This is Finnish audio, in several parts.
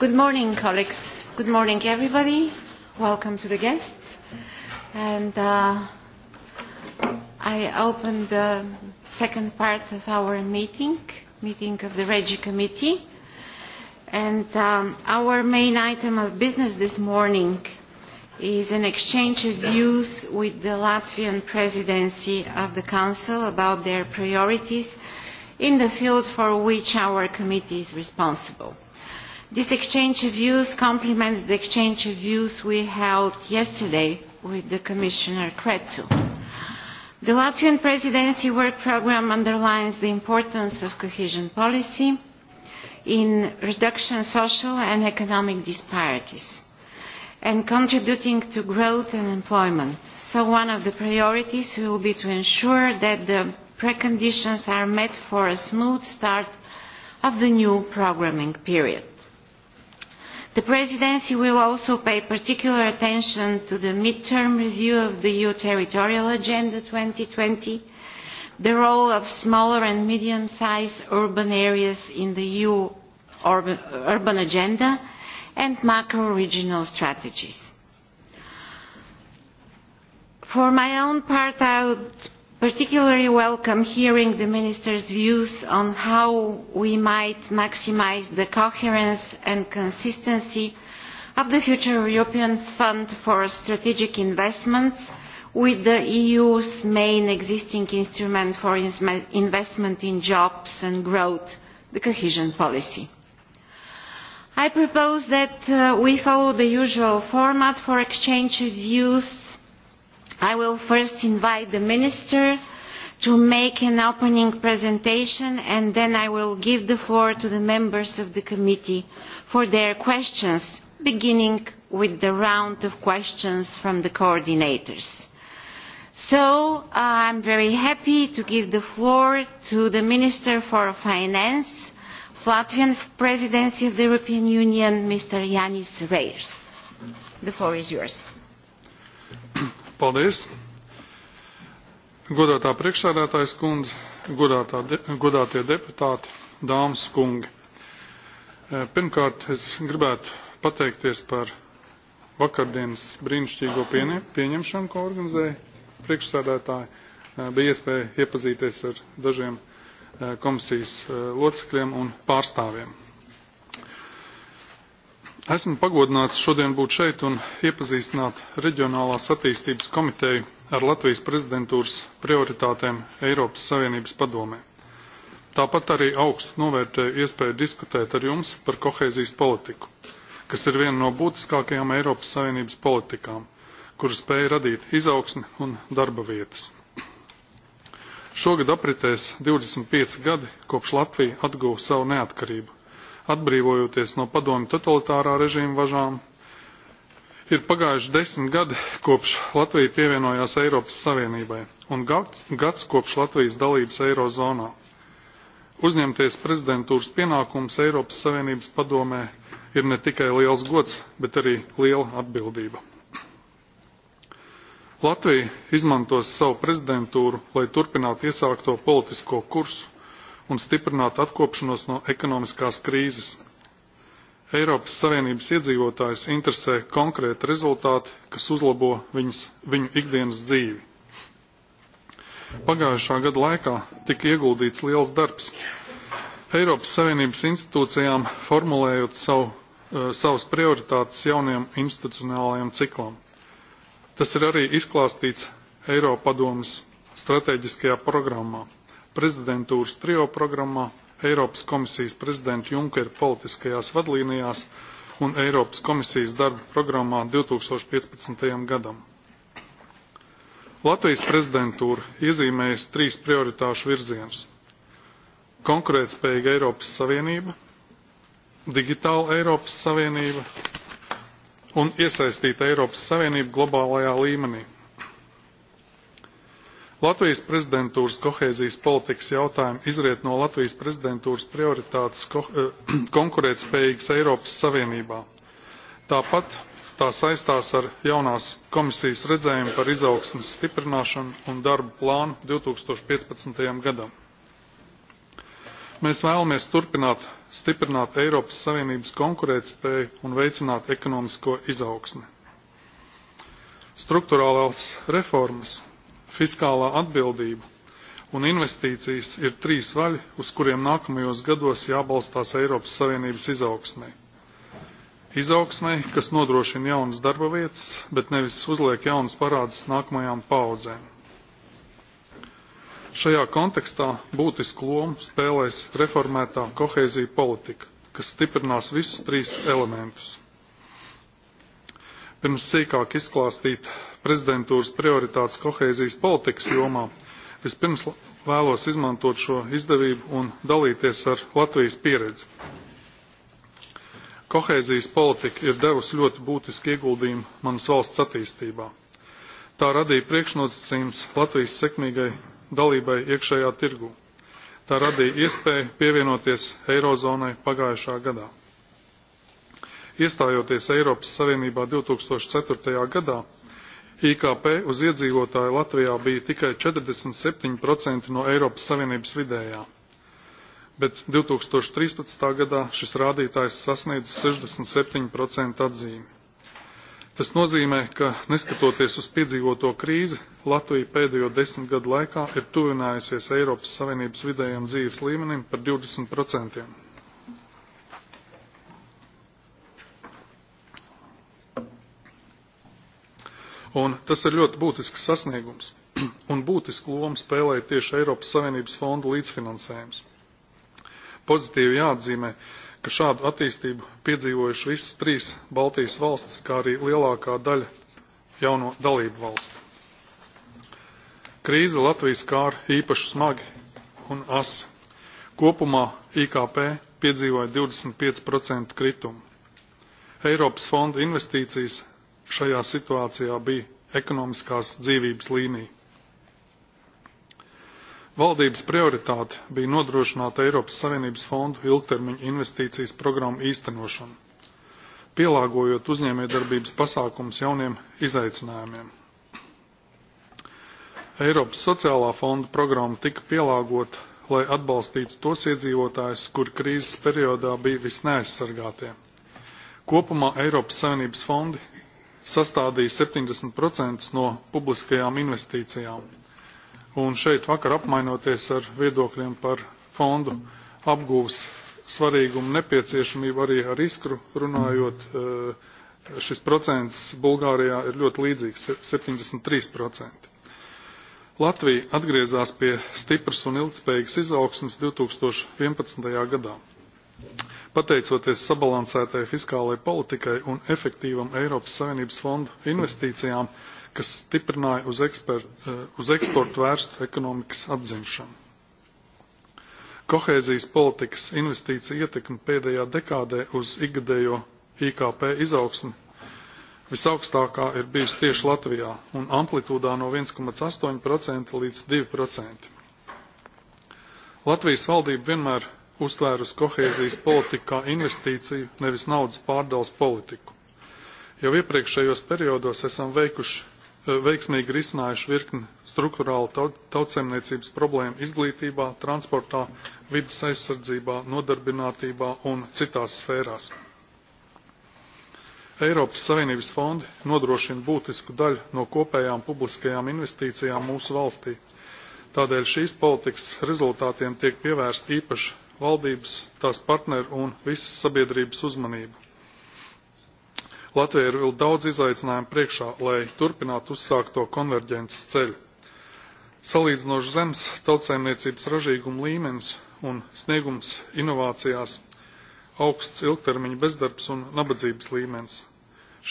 Good morning, colleagues. Good morning, everybody. Welcome to the guests. And uh, I open the second part of our meeting, meeting of the Regi Committee. And um, our main item of business this morning is an exchange of views with the Latvian presidency of the Council about their priorities in the field for which our committee is responsible. This exchange of views complements the exchange of views we held yesterday with the Commissioner Kretsu. The Latvian presidency work programme underlines the importance of cohesion policy in reducing social and economic disparities and contributing to growth and employment. So one of the priorities will be to ensure that the preconditions are met for a smooth start of the new programming period. The Presidency will also pay particular attention to the mid term review of the EU Territorial Agenda two thousand and twenty the role of smaller and medium-sized urban areas in the EU urban agenda, and macro-regional strategies. For my own part, I would particularly welcome hearing the Minister's views on how we might maximise the coherence and consistency of the future European Fund for Strategic Investments with the EU's main existing instrument for investment in jobs and growth, the cohesion policy. I propose that uh, we follow the usual format for exchange of views I will first invite the Minister to make an opening presentation and then I will give the floor to the members of the committee for their questions, beginning with the round of questions from the coordinators. So uh, I'm very happy to give the floor to the Minister for Finance, Latvian Presidency of the European Union, Mr. Yanis Reyes. The floor is yours. Paldies! Godātā priekšsēdētājas kundze, godātā godātie deputāti, dāmas kungi. Eh, pirmkārt, es gribētu pateikties par vakardienas brīnišķīgo pieņemšanu, ko organizēja priekšsēdētāji. Eh, bija iespēja iepazīties ar dažiem eh, komisijas locekļiem un pārstāvjiem esmu pagodināts šodien būt šeit un iepazīstināt reģionālās attīstības komiteju ar latvijas prezidentūras prioritātēm eiropas savienības padomē tāpat arī augstu novērtēju iespēju diskutēt ar jums par kohēzijas politiku kas ir viena no būtiskākajām eiropas savienības politikām kuras spēja radīt izaugsmi un darba vietas. Šogad apritēs 25 gadi, kopš Latvija atguva savu neatkarību, atbrīvojoties no padomju totalitārā režīma važām. Ir pagājuši desmit gadi, kopš Latvija pievienojās Eiropas Savienībai, un gads, gads kopš Latvijas dalības Eirozonā. Uzņemties prezidentūras pienākums Eiropas Savienības padomē ir ne tikai liels gods, bet arī liela atbildība. Latvija izmantos savu prezidentūru, lai turpinātu iesākto politisko kursu, un stiprināt atkopšanos no ekonomiskās krīzes. Eiropas Savienības iedzīvotājs interesē konkrēti rezultāti, kas uzlabo viņas, viņu ikdienas dzīvi. Pagājušā gada laikā tika ieguldīts liels darbs. Eiropas Savienības institūcijām formulējot savu, uh, savas prioritātes jauniem institucionālajiem ciklam. Tas ir arī izklāstīts Eiropadomas stratēģiskajā programmā prezidentūras trio programmā, Eiropas komisijas prezidenta Junkera politiskajās vadlīnijās un Eiropas komisijas darba programmā 2015. gadam. Latvijas prezidentūra iezīmējas trīs prioritāšu virzienus konkurētspējīga Eiropas Savienība, digitāla Eiropas Savienība un iesaistīta Eiropas Savienība globālajā līmenī. Latvijas prezidentūras kohēzijas politikas jautājumi izriet no Latvijas prezidentūras prioritātes eh, konkurētspējīgas Eiropas Savienībā. Tāpat tā saistās ar jaunās komisijas redzējumu par izaugsmas stiprināšanu un darbu plānu 2015. gadam. Mēs vēlamies turpināt stiprināt Eiropas Savienības konkurētspēju un veicināt ekonomisko izaugsmi. Struktūrālās reformas fiskālā atbildība un investīcijas ir trīs vaļi, uz kuriem nākamajos gados jābalstās Eiropas Savienības izaugsmē. Izaugsmē, kas nodrošina jaunas darba vietas, bet nevis uzliek jaunas parādas nākamajām paudzēm. Šajā kontekstā būtisku lomu spēlēs reformētā kohēzija politika, kas stiprinās visus trīs elementus. Pirms sīkāk izklāstīt prezidentūras prioritātes kohēzijas politikas jomā, vispirms vēlos izmantot šo izdevību un dalīties ar Latvijas pieredzi. Kohēzijas politika ir devusi ļoti būtisku ieguldījumu manas valsts attīstībā. Tā radīja priekšnosacījums Latvijas sekmīgai dalībai iekšējā tirgū. Tā radīja iespēju pievienoties Eirozonai pagājušā gadā. Iestājoties Eiropas Savienībā 2004. gadā, ikp uz iedzīvotāju latvijā bija tikai forty seven no eiropas savienības vidējā bet two thousand and gadā šis rādītājs sasniedz sixty seven atzīmi. tas nozīmē ka neskatoties uz piedzīvoto krīzi latvija pēdējo desmit gadu laikā ir tuvinājusies eiropas savienības vidējam dzīves līmenim par twenty Un tas ir ļoti būtisks sasniegums un būtisku lomu spēlē tieši Eiropas Savienības fondu līdzfinansējums. Pozitīvi jāatzīmē, ka šādu attīstību piedzīvojuši visas trīs Baltijas valstis, kā arī lielākā daļa jauno dalību valstu. Krīze Latvijas kār īpaši smagi un as. Kopumā IKP piedzīvoja 25% kritumu. Eiropas fonda investīcijas šajā situācijā bija ekonomiskās dzīvības līnija. Valdības prioritāte bija nodrošināt Eiropas Savienības fondu ilgtermiņu investīcijas programmu īstenošanu, pielāgojot uzņēmējdarbības pasākums jauniem izaicinājumiem. Eiropas sociālā fonda programma tika pielāgota, lai atbalstītu tos iedzīvotājus, kur krīzes periodā bija visneaizsargātie. Kopumā Eiropas Savienības fondi sastādīja 70% no publiskajām investīcijām. Un šeit vakar apmainoties ar viedokļiem par fondu apgūvas svarīgumu nepieciešamību arī ar iskru runājot, eh, šis procents Bulgārijā ir ļoti līdzīgs 73%. Latvija atgriezās pie stipras un ilgspējīgas izaugsmas 2011. gadā. Pateicoties sabalansētai fiskālajai politikai un efektīvam Eiropas Savienības fondu investīcijām, kas stiprināja uz, eksper, eh, uz eksportu vērstu ekonomikas atzimšanu. Kohēzijas politikas investīcija ietekme pēdējā dekādē uz ikgadējo IKP izaugsmi visaugstākā ir bijusi tieši Latvijā un amplitūdā no 1,8% līdz 2%. Latvijas valdība vienmēr uztvērusi kohēzijas politiku kā investīciju, nevis naudas pārdals politiku. Jau iepriekšējos periodos esam veikuši, eh, veiksmīgi risinājuši virkni struktūrālu tautsēmniecības problēmu izglītībā, transportā, vidas aizsardzībā, nodarbinātībā un citās sfērās. Eiropas Savienības fondi nodrošina būtisku daļu no kopējām publiskajām investīcijām mūsu valstī. Tādēļ šīs politikas rezultātiem tiek pievērsta īpaša valdības, tās partneru un visas sabiedrības uzmanību. Latvija ir vēl daudz izaicinājumu priekšā, lai turpinātu uzsākto konverģences ceļu. Salīdzinoši zems tautsēmniecības ražīguma līmenis un sniegums inovācijās, augsts ilgtermiņa bezdarbs un nabadzības līmenis.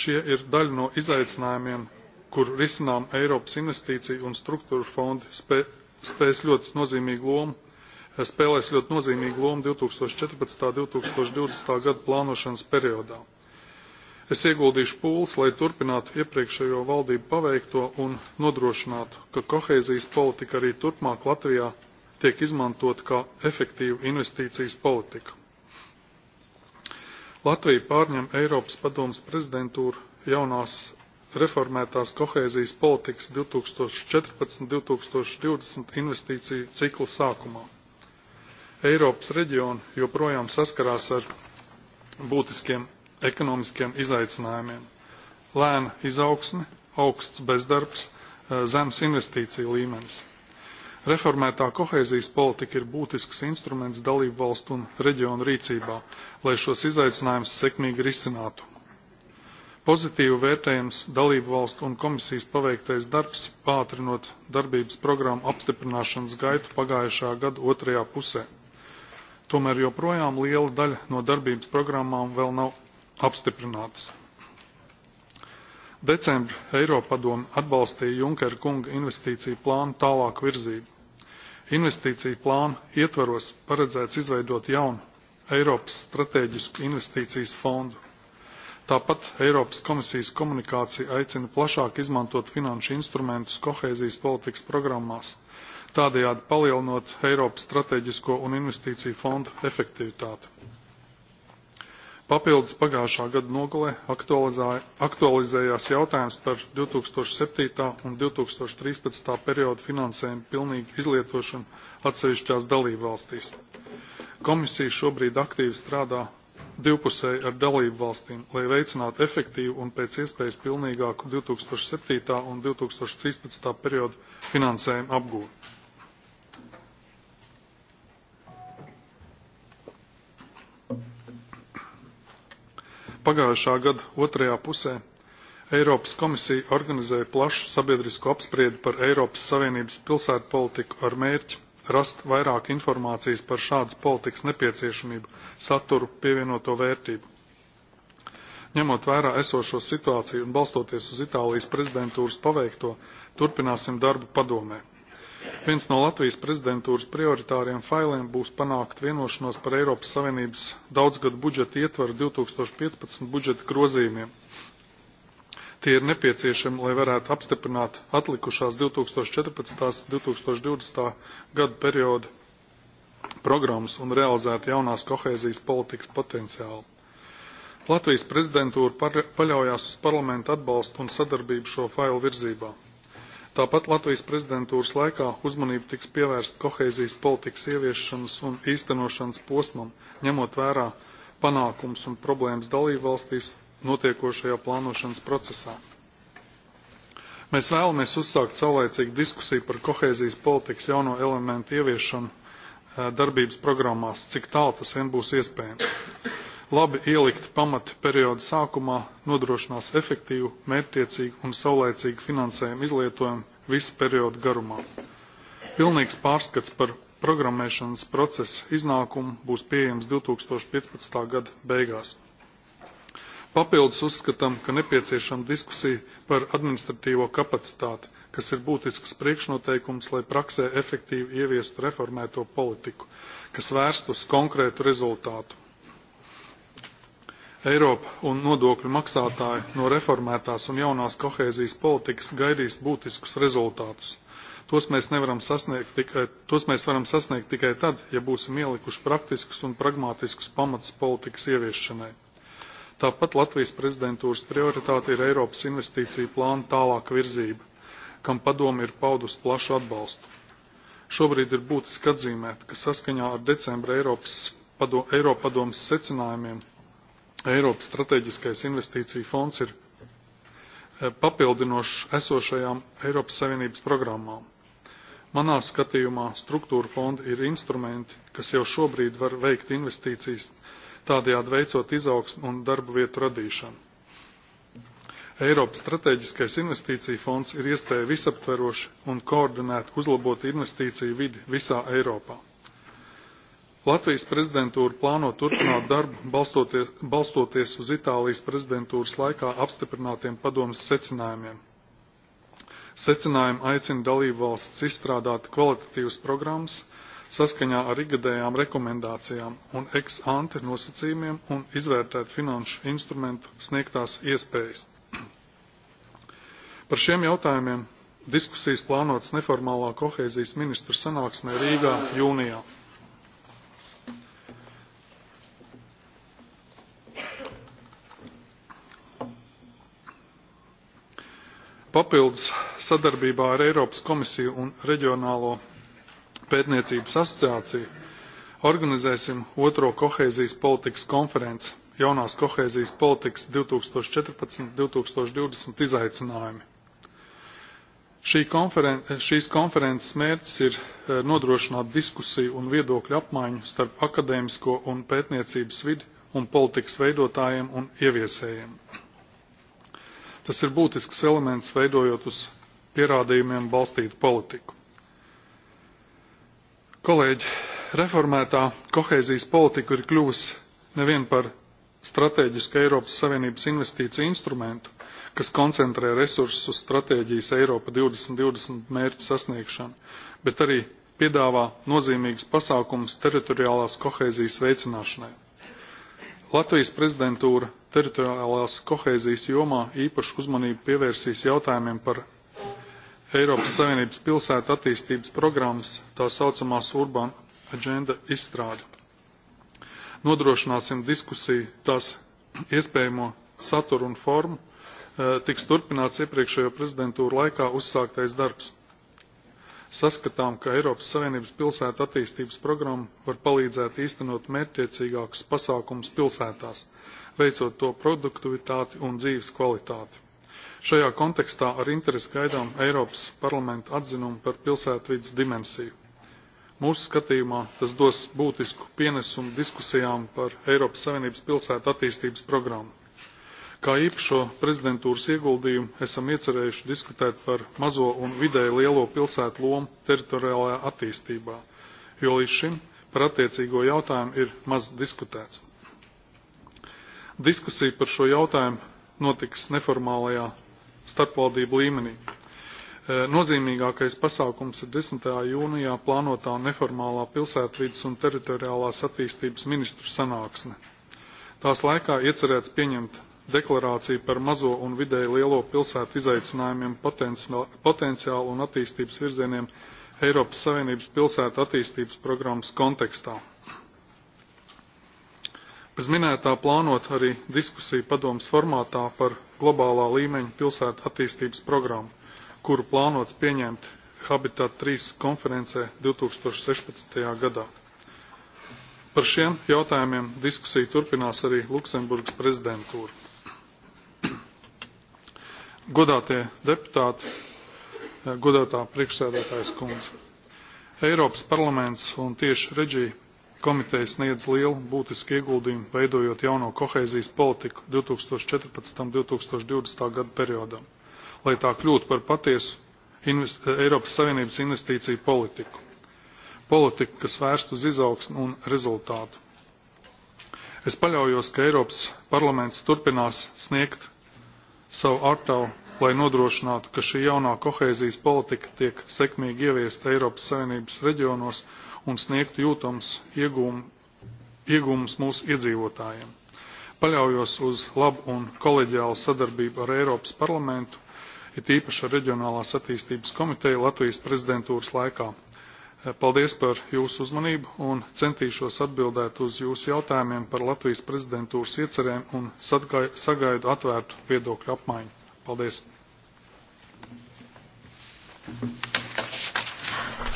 Šie ir daļa no izaicinājumiem, kur risinām Eiropas investīciju un struktūra fondi spē, spēs ļoti nozīmīgu lomu spēlēs ļoti nozīmīgu lomu 2014.–2020. gada plānošanas periodā. Es ieguldīšu pūles, lai turpinātu iepriekšējo valdību paveikto un nodrošinātu, ka kohēzijas politika arī turpmāk Latvijā tiek izmantota kā efektīva investīcijas politika. Latvija pārņem Eiropas padomas prezidentūru jaunās reformētās kohēzijas politikas 2014-2020 investīciju ciklu sākumā. Eiropas reģioni joprojām saskarās ar būtiskiem ekonomiskiem izaicinājumiem. Lēna izaugsme, augsts bezdarbs, eh, zems investīciju līmenis. Reformētā kohēzijas politika ir būtisks instruments dalību valstu un reģionu rīcībā, lai šos izaicinājumus sekmīgi risinātu. Pozitīvu vērtējums dalību valstu un komisijas paveiktais darbs, pātrinot darbības programmu apstiprināšanas gaitu pagājušā gada otrajā pusē tomēr joprojām liela daļa no darbības programmām vēl nav apstiprinātas. Decembri Eiropadome atbalstīja Junkera kunga investīciju plānu tālāku virzību. Investīciju plānu ietvaros paredzēts izveidot jaunu Eiropas strateģisku investīcijas fondu. Tāpat Eiropas komisijas komunikācija aicina plašāk izmantot finanšu instrumentus kohēzijas politikas programmās – tādējādi palielinot Eiropas strateģisko un investīciju fondu efektivitāti. Papildus pagājušā gada nogalē aktualizējās jautājums par 2007. un 2013. periodu finansējumu pilnīgu izlietošanu atsevišķās valstīs. Komisija šobrīd aktīvi strādā divpusēji ar dalību valstīm, lai veicinātu efektīvu un pēc iespējas pilnīgāku 2007. un 2013. periodu finansējumu apgūvi. Pagājušā gada otrajā pusē Eiropas komisija organizēja plašu sabiedrisko apspriedi par Eiropas Savienības pilsētu politiku ar mērķi rast vairāk informācijas par šādas politikas nepieciešamību, saturu, pievienoto vērtību. Ņemot vērā esošo situāciju un balstoties uz Itālijas prezidentūras paveikto, turpināsim darbu padomē. Viens no Latvijas prezidentūras prioritāriem failiem būs panākt vienošanos par Eiropas Savienības daudzgadu budžeta ietvaru 2015 budžeta grozījumiem. Tie ir nepieciešami, lai varētu apstiprināt atlikušās 2014. 2020. gada perioda programmas un realizēt jaunās kohēzijas politikas potenciālu. Latvijas prezidentūra paļaujās uz parlamentu atbalstu un sadarbību šo failu virzībā. Tāpat Latvijas prezidentūras laikā uzmanība tiks pievērsta kohēzijas politikas ieviešanas un īstenošanas posmam, ņemot vērā panākums un problēmas dalību valstīs notiekošajā plānošanas procesā. Mēs vēlamies uzsākt saulēcīgu diskusiju par kohēzijas politikas jauno elementu ieviešanu eh, darbības programmās, cik tālu tas vien būs iespējams labi ielikt pamati perioda sākumā nodrošinās efektīvu, mērķtiecīgu un saulēcīgu finansējumu izlietojumu visu periodu garumā. Pilnīgs pārskats par programmēšanas procesa iznākumu būs pieejams 2015. gada beigās. Papildus uzskatām, ka nepieciešama diskusija par administratīvo kapacitāti, kas ir būtisks priekšnoteikums, lai praksē efektīvi ieviestu reformēto politiku, kas vērst uz konkrētu rezultātu Eiropa un nodokļu maksātāji no reformētās un jaunās kohēzijas politikas gaidīs būtiskus rezultātus. Tos mēs, nevaram sasniegt tikai, tos mēs varam sasniegt tikai tad, ja būsim ielikuši praktiskus un pragmātiskus pamatus politikas ieviešanai. Tāpat Latvijas prezidentūras prioritāte ir Eiropas investīcija plāna tālāka virzība, kam padomi ir paudus plašu atbalstu. Šobrīd ir būtiski atzīmēt, ka saskaņā ar decembra Eiropas padomas secinājumiem Eiropas stratēģiskais investīciju fonds ir e, papildinošs esošajām Eiropas Savienības programmām. Manā skatījumā struktūra fondi ir instrumenti, kas jau šobrīd var veikt investīcijas, tādējādi veicot izaugsmu un darbu vietu radīšanu. Eiropas strateģiskais investīcija fonds ir iespēja visaptveroši un koordinēt uzlabotu investīciju vidi visā Eiropā. Latvijas prezidentūra plāno turpināt darbu balstoties, uz Itālijas prezidentūras laikā apstiprinātiem padomus secinājumiem. Secinājumi aicina dalību valsts izstrādāt kvalitatīvas programmas saskaņā ar igadējām rekomendācijām un ex ante nosacījumiem un izvērtēt finanšu instrumentu sniegtās iespējas. Par šiem jautājumiem diskusijas plānotas neformālā kohēzijas ministru sanāksmē Rīgā jūnijā. Papildus sadarbībā ar Eiropas komisiju un reģionālo pētniecības asociāciju organizēsim otro kohēzijas politikas konferenci jaunās kohēzijas politikas 2014-2020 izaicinājumi. Šī konferen šīs konferences mērķis ir e, nodrošināt diskusiju un viedokļu apmaiņu starp akadēmisko un pētniecības vidi un politikas veidotājiem un ieviesējiem. Tas ir būtisks elements veidojot uz pierādījumiem balstītu politiku. Kolēģi, reformētā kohēzijas politika ir kļuvusi nevien par stratēģisku Eiropas Savienības investīciju instrumentu, kas koncentrē resursus uz stratēģijas Eiropa 2020 mērķu sasniegšanu, bet arī piedāvā nozīmīgus pasākumus teritoriālās kohēzijas veicināšanai. Latvijas prezidentūra teritoriālās kohēzijas jomā īpašu uzmanību pievērsīs jautājumiem par Eiropas Savienības pilsētu attīstības programmas tā saucamās Urban Agenda izstrādi. Nodrošināsim diskusiju tās iespējamo saturu un formu, eh, tiks turpināts iepriekšējo prezidentūru laikā uzsāktais darbs saskatām, ka Eiropas Savienības pilsētu attīstības programma var palīdzēt īstenot mērķtiecīgākus pasākumus pilsētās, veicot to produktivitāti un dzīves kvalitāti. Šajā kontekstā ar interesi gaidām Eiropas parlamenta atzinumu par pilsētvidas dimensiju. Mūsu skatījumā tas dos būtisku pienesumu diskusijām par Eiropas Savienības pilsētu attīstības programmu. Kā īpašo prezidentūras ieguldījumu esam iecerējuši diskutēt par mazo un vidēji lielo pilsētu lomu teritoriālajā attīstībā, jo līdz šim par attiecīgo jautājumu ir maz diskutēts. Diskusija par šo jautājumu notiks neformālajā starpvaldību līmenī. E, nozīmīgākais pasākums ir 10. jūnijā plānotā neformālā pilsētvidas un teritoriālās attīstības ministru sanāksme. Tās laikā iecerēts pieņemt deklarāciju par mazo un vidēji lielo pilsētu izaicinājumiem, potenciālu un attīstības virzieniem Eiropas Savienības pilsētu attīstības programmas kontekstā. Bez minētā plānot arī diskusiju padomas formātā par globālā līmeņa pilsētu attīstības programmu, kuru plānots pieņemt Habitat 3 konferencē 2016. gadā. Par šiem jautājumiem diskusija turpinās arī Luksemburgas prezidentūra godātie deputāti, godātā priekšsēdētājas kundze. Eiropas parlaments un tieši reģī komiteja sniedz lielu būtisku ieguldījumu veidojot jauno kohēzijas politiku 2014. un 2020. gadu periodam, lai tā kļūtu par patiesu Eiropas Savienības investīciju politiku. Politiku, kas vērst uz izaugsmu un rezultātu. Es paļaujos, ka Eiropas parlaments turpinās sniegt savu artavu, lai nodrošinātu, ka šī jaunā kohēzijas politika tiek sekmīgi ieviesta Eiropas Savienības reģionos un sniegt jūtams iegūmus mūsu iedzīvotājiem. Paļaujos uz labu un koleģiālu sadarbību ar Eiropas parlamentu, ir īpaši ar Reģionālās attīstības komiteju Latvijas prezidentūras laikā. Eh, paldies par jūsu uzmanību un centīšos atbildēt uz jūsu jautājumiem par Latvijas prezidentūras iecerēm un sagaidu atvērtu viedokļu apmaiņu. Paldies!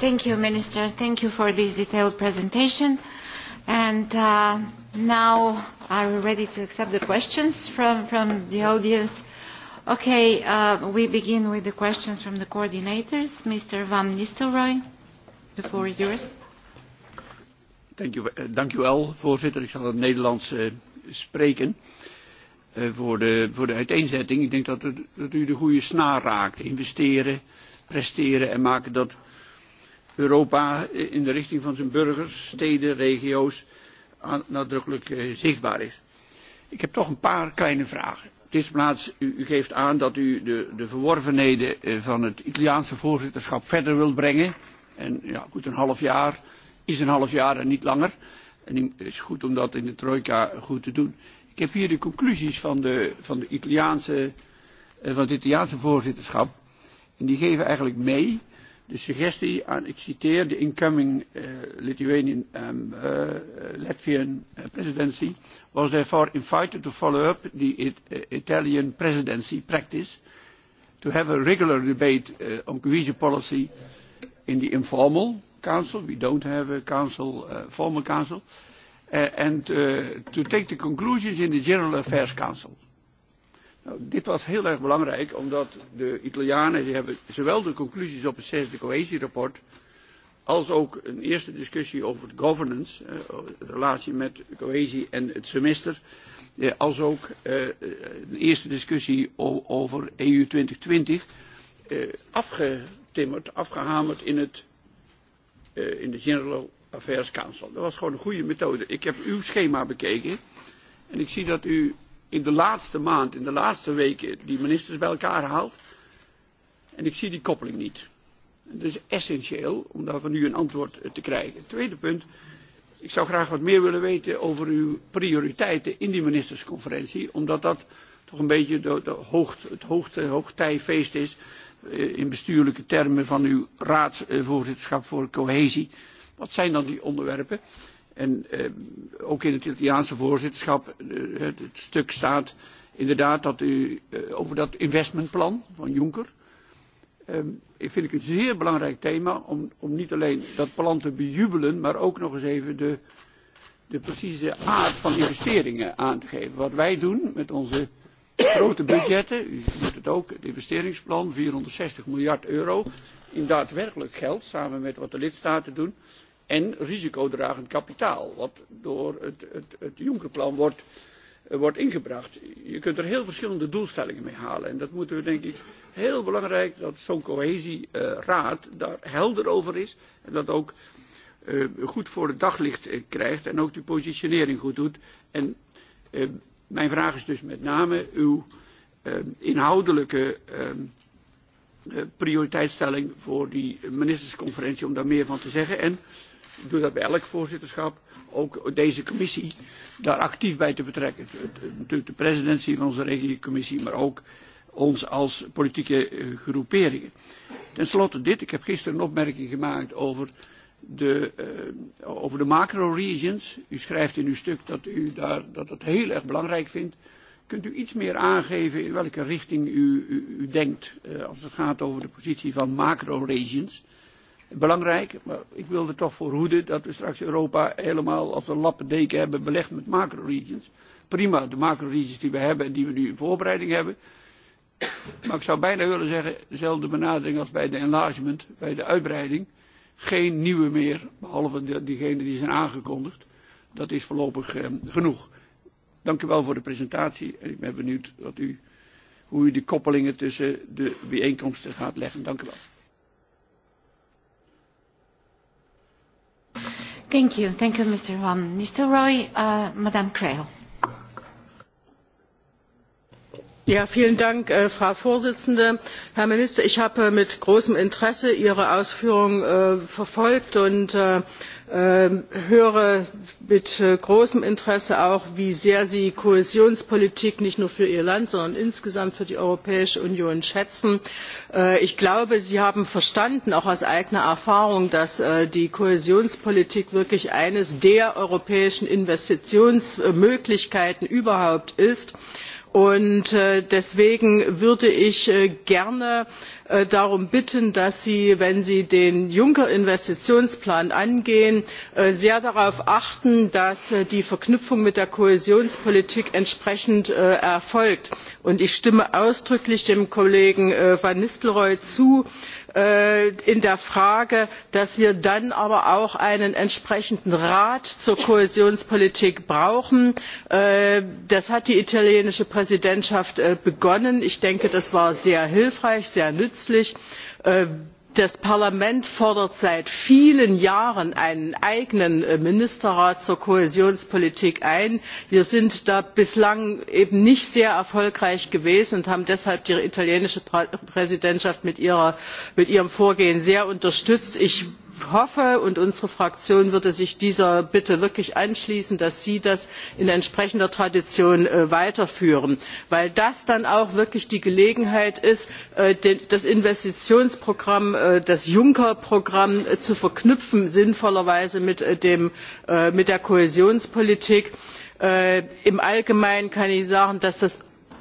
Thank you, Minister. Thank you for this detailed presentation. And uh, now are we ready to accept the questions from, from the audience? Okay, uh, we begin with the questions from the coordinators. Mr. Van Nistelrooy. Eh, voorzitter. Ik zal het Nederlands eh, spreken eh, voor, de, uiteenzetting. Ik denk dat, u de goede snaar raakt. Investeren, presteren en maken dat Europa in de richting van zijn burgers, steden, regio's nadrukkelijk zichtbaar is. Ik heb toch een paar kleine vragen. de eerste plaats, u, geeft aan dat u de verworvenheden van het Italiaanse voorzitterschap verder wilt brengen en ja, goed, een half jaar is een half jaar en niet langer. En het is goed om dat in de trojka goed te doen. Ik heb hier de conclusies van, de, van, de Italiaanse, eh, van het Italiaanse voorzitterschap. En die geven eigenlijk mee de suggestie aan, ik citeer, de incoming uh, Lithuanian um, uh, Latvian uh, presidency was therefore invited to follow up the it, uh, Italian presidency practice to have a regular debate uh, on cohesion policy uh, in the informal council. We don't have a council, uh, formal council. Uh, and uh, to take the conclusions in the General Affairs Council. Nou, dit was heel erg belangrijk, omdat de Italianen die hebben zowel de conclusies op het zesde cohesierapport als ook een eerste discussie over de governance, uh, de relatie met cohesie en het semester, uh, als ook uh, een eerste discussie over EU 2020 afgegeven afgetimmerd, afgehamerd in, het, uh, in de General Affairs Council. Dat was gewoon een goede methode. Ik heb uw schema bekeken en ik zie dat u in de laatste maand, in de laatste weken, die ministers bij elkaar haalt. En ik zie die koppeling niet. Het is essentieel om daar van u een antwoord eh, te krijgen. Het tweede punt. Ik zou graag wat meer willen weten over uw prioriteiten in die ministersconferentie. Omdat dat toch een beetje de, de hoogte, het hoogte, hoogtijfeest is Eh, in bestuurlijke termen van uw raadsvoorzitterschap eh, voor cohesie. Wat zijn dan die onderwerpen? En eh, ook in het Italiaanse voorzitterschap, eh, het, het stuk staat inderdaad dat u, eh, over dat investmentplan van Juncker. Eh, vind ik een zeer belangrijk thema om, om niet alleen dat plan te bejubelen, maar ook nog eens even de, de precieze aard van investeringen aan te geven. Wat wij doen met onze grote budgetten, u doet het ook, het investeringsplan, 460 miljard euro, in daadwerkelijk geld, samen met wat de lidstaten doen, en risicodragend kapitaal, wat door het, het, het Junckerplan wordt, eh, wordt ingebracht. Je kunt er heel verschillende doelstellingen mee halen. En dat moeten we denk ik heel belangrijk, dat zo'n cohesieraad eh, daar helder over is en dat ook eh, goed voor het daglicht krijgt en ook die positionering goed doet. En Mijn vraag is dus met name uw uh, inhoudelijke uh, prioriteitsstelling voor die ministersconferentie om daar meer van te zeggen. En ik doe dat bij elk voorzitterschap, ook deze commissie daar actief bij te betrekken. Natuurlijk de presidentie van onze regiocommissie, maar ook ons als politieke eh, groeperingen. Ten slotte dit, ik heb gisteren een opmerking gemaakt over de, uh, over de macro-regions. U schrijft in uw stuk dat u daar, dat, dat heel erg belangrijk vindt. Kunt u iets meer aangeven in welke richting u, u, u denkt uh, als het gaat over de positie van macro-regions? Belangrijk, maar ik wil er toch voor hoeden dat we straks Europa helemaal als een lappendeken hebben belegd met macro-regions. Prima, de macro-regions die we hebben en die we nu in voorbereiding hebben. Maar ik zou bijna willen zeggen, dezelfde benadering als bij de enlargement, bij de uitbreiding. Uh, geen nieuwe meer, behalve diegenen die zijn aangekondigd. Dat is voorlopig eh, genoeg. Dank u wel voor de presentatie en ik ben benieuwd wat u, hoe u de koppelingen tussen de bijeenkomsten gaat leggen. Dank u wel. Thank you. Thank you, Mr. Wan. Mr. Roy, uh, Madame Creel. Äh, frau präsidentin herr minister! ich habe äh, mit großem interesse ihre ausführungen äh, verfolgt und höre mit großem interesse auch wie sehr sie kohäsionspolitik nicht nur für ihr land sondern insgesamt für die europäische union schätzen. ich glaube sie haben verstanden auch aus eigener erfahrung dass die kohäsionspolitik wirklich eine der europäischen investitionsmöglichkeiten überhaupt ist und äh, deswegen würde ich äh, gerne äh, darum bitten dass sie wenn sie den juncker investitionsplan angehen sehr darauf achten dass die verknüpfung mit der kohäsionspolitik entsprechend erfolgt. und ich stimme ausdrücklich dem kollegen van nistelrooij zu Äh, in der frage dass wir dann aber auch einen entsprechenden rat zur kohäsionspolitik brauchen. Äh, das hat die italienische präsidentschaft äh, begonnen. ich denke das war sehr hilfreich sehr nützlich das parlament fordert seit vielen jahren einen eigenen äh, ministerrat zur kohäsionspolitik ein. wir sind da bislang eben nicht sehr erfolgreich gewesen und haben deshalb die italienische präsidentschaft mit ihrem vorgehen sehr unterstützt hoffe und unsere fraktion würde sich dieser bitte wirklich anschließen dass sie das in entsprechender tradition äh, weiterführen weil das dann auch wirklich die gelegenheit ist äh, das investitionsprogramm äh, das juncker programm zu verknüpfen sinnvollerweise mit der kohäsionspolitik. im allgemeinen kann ich sagen dass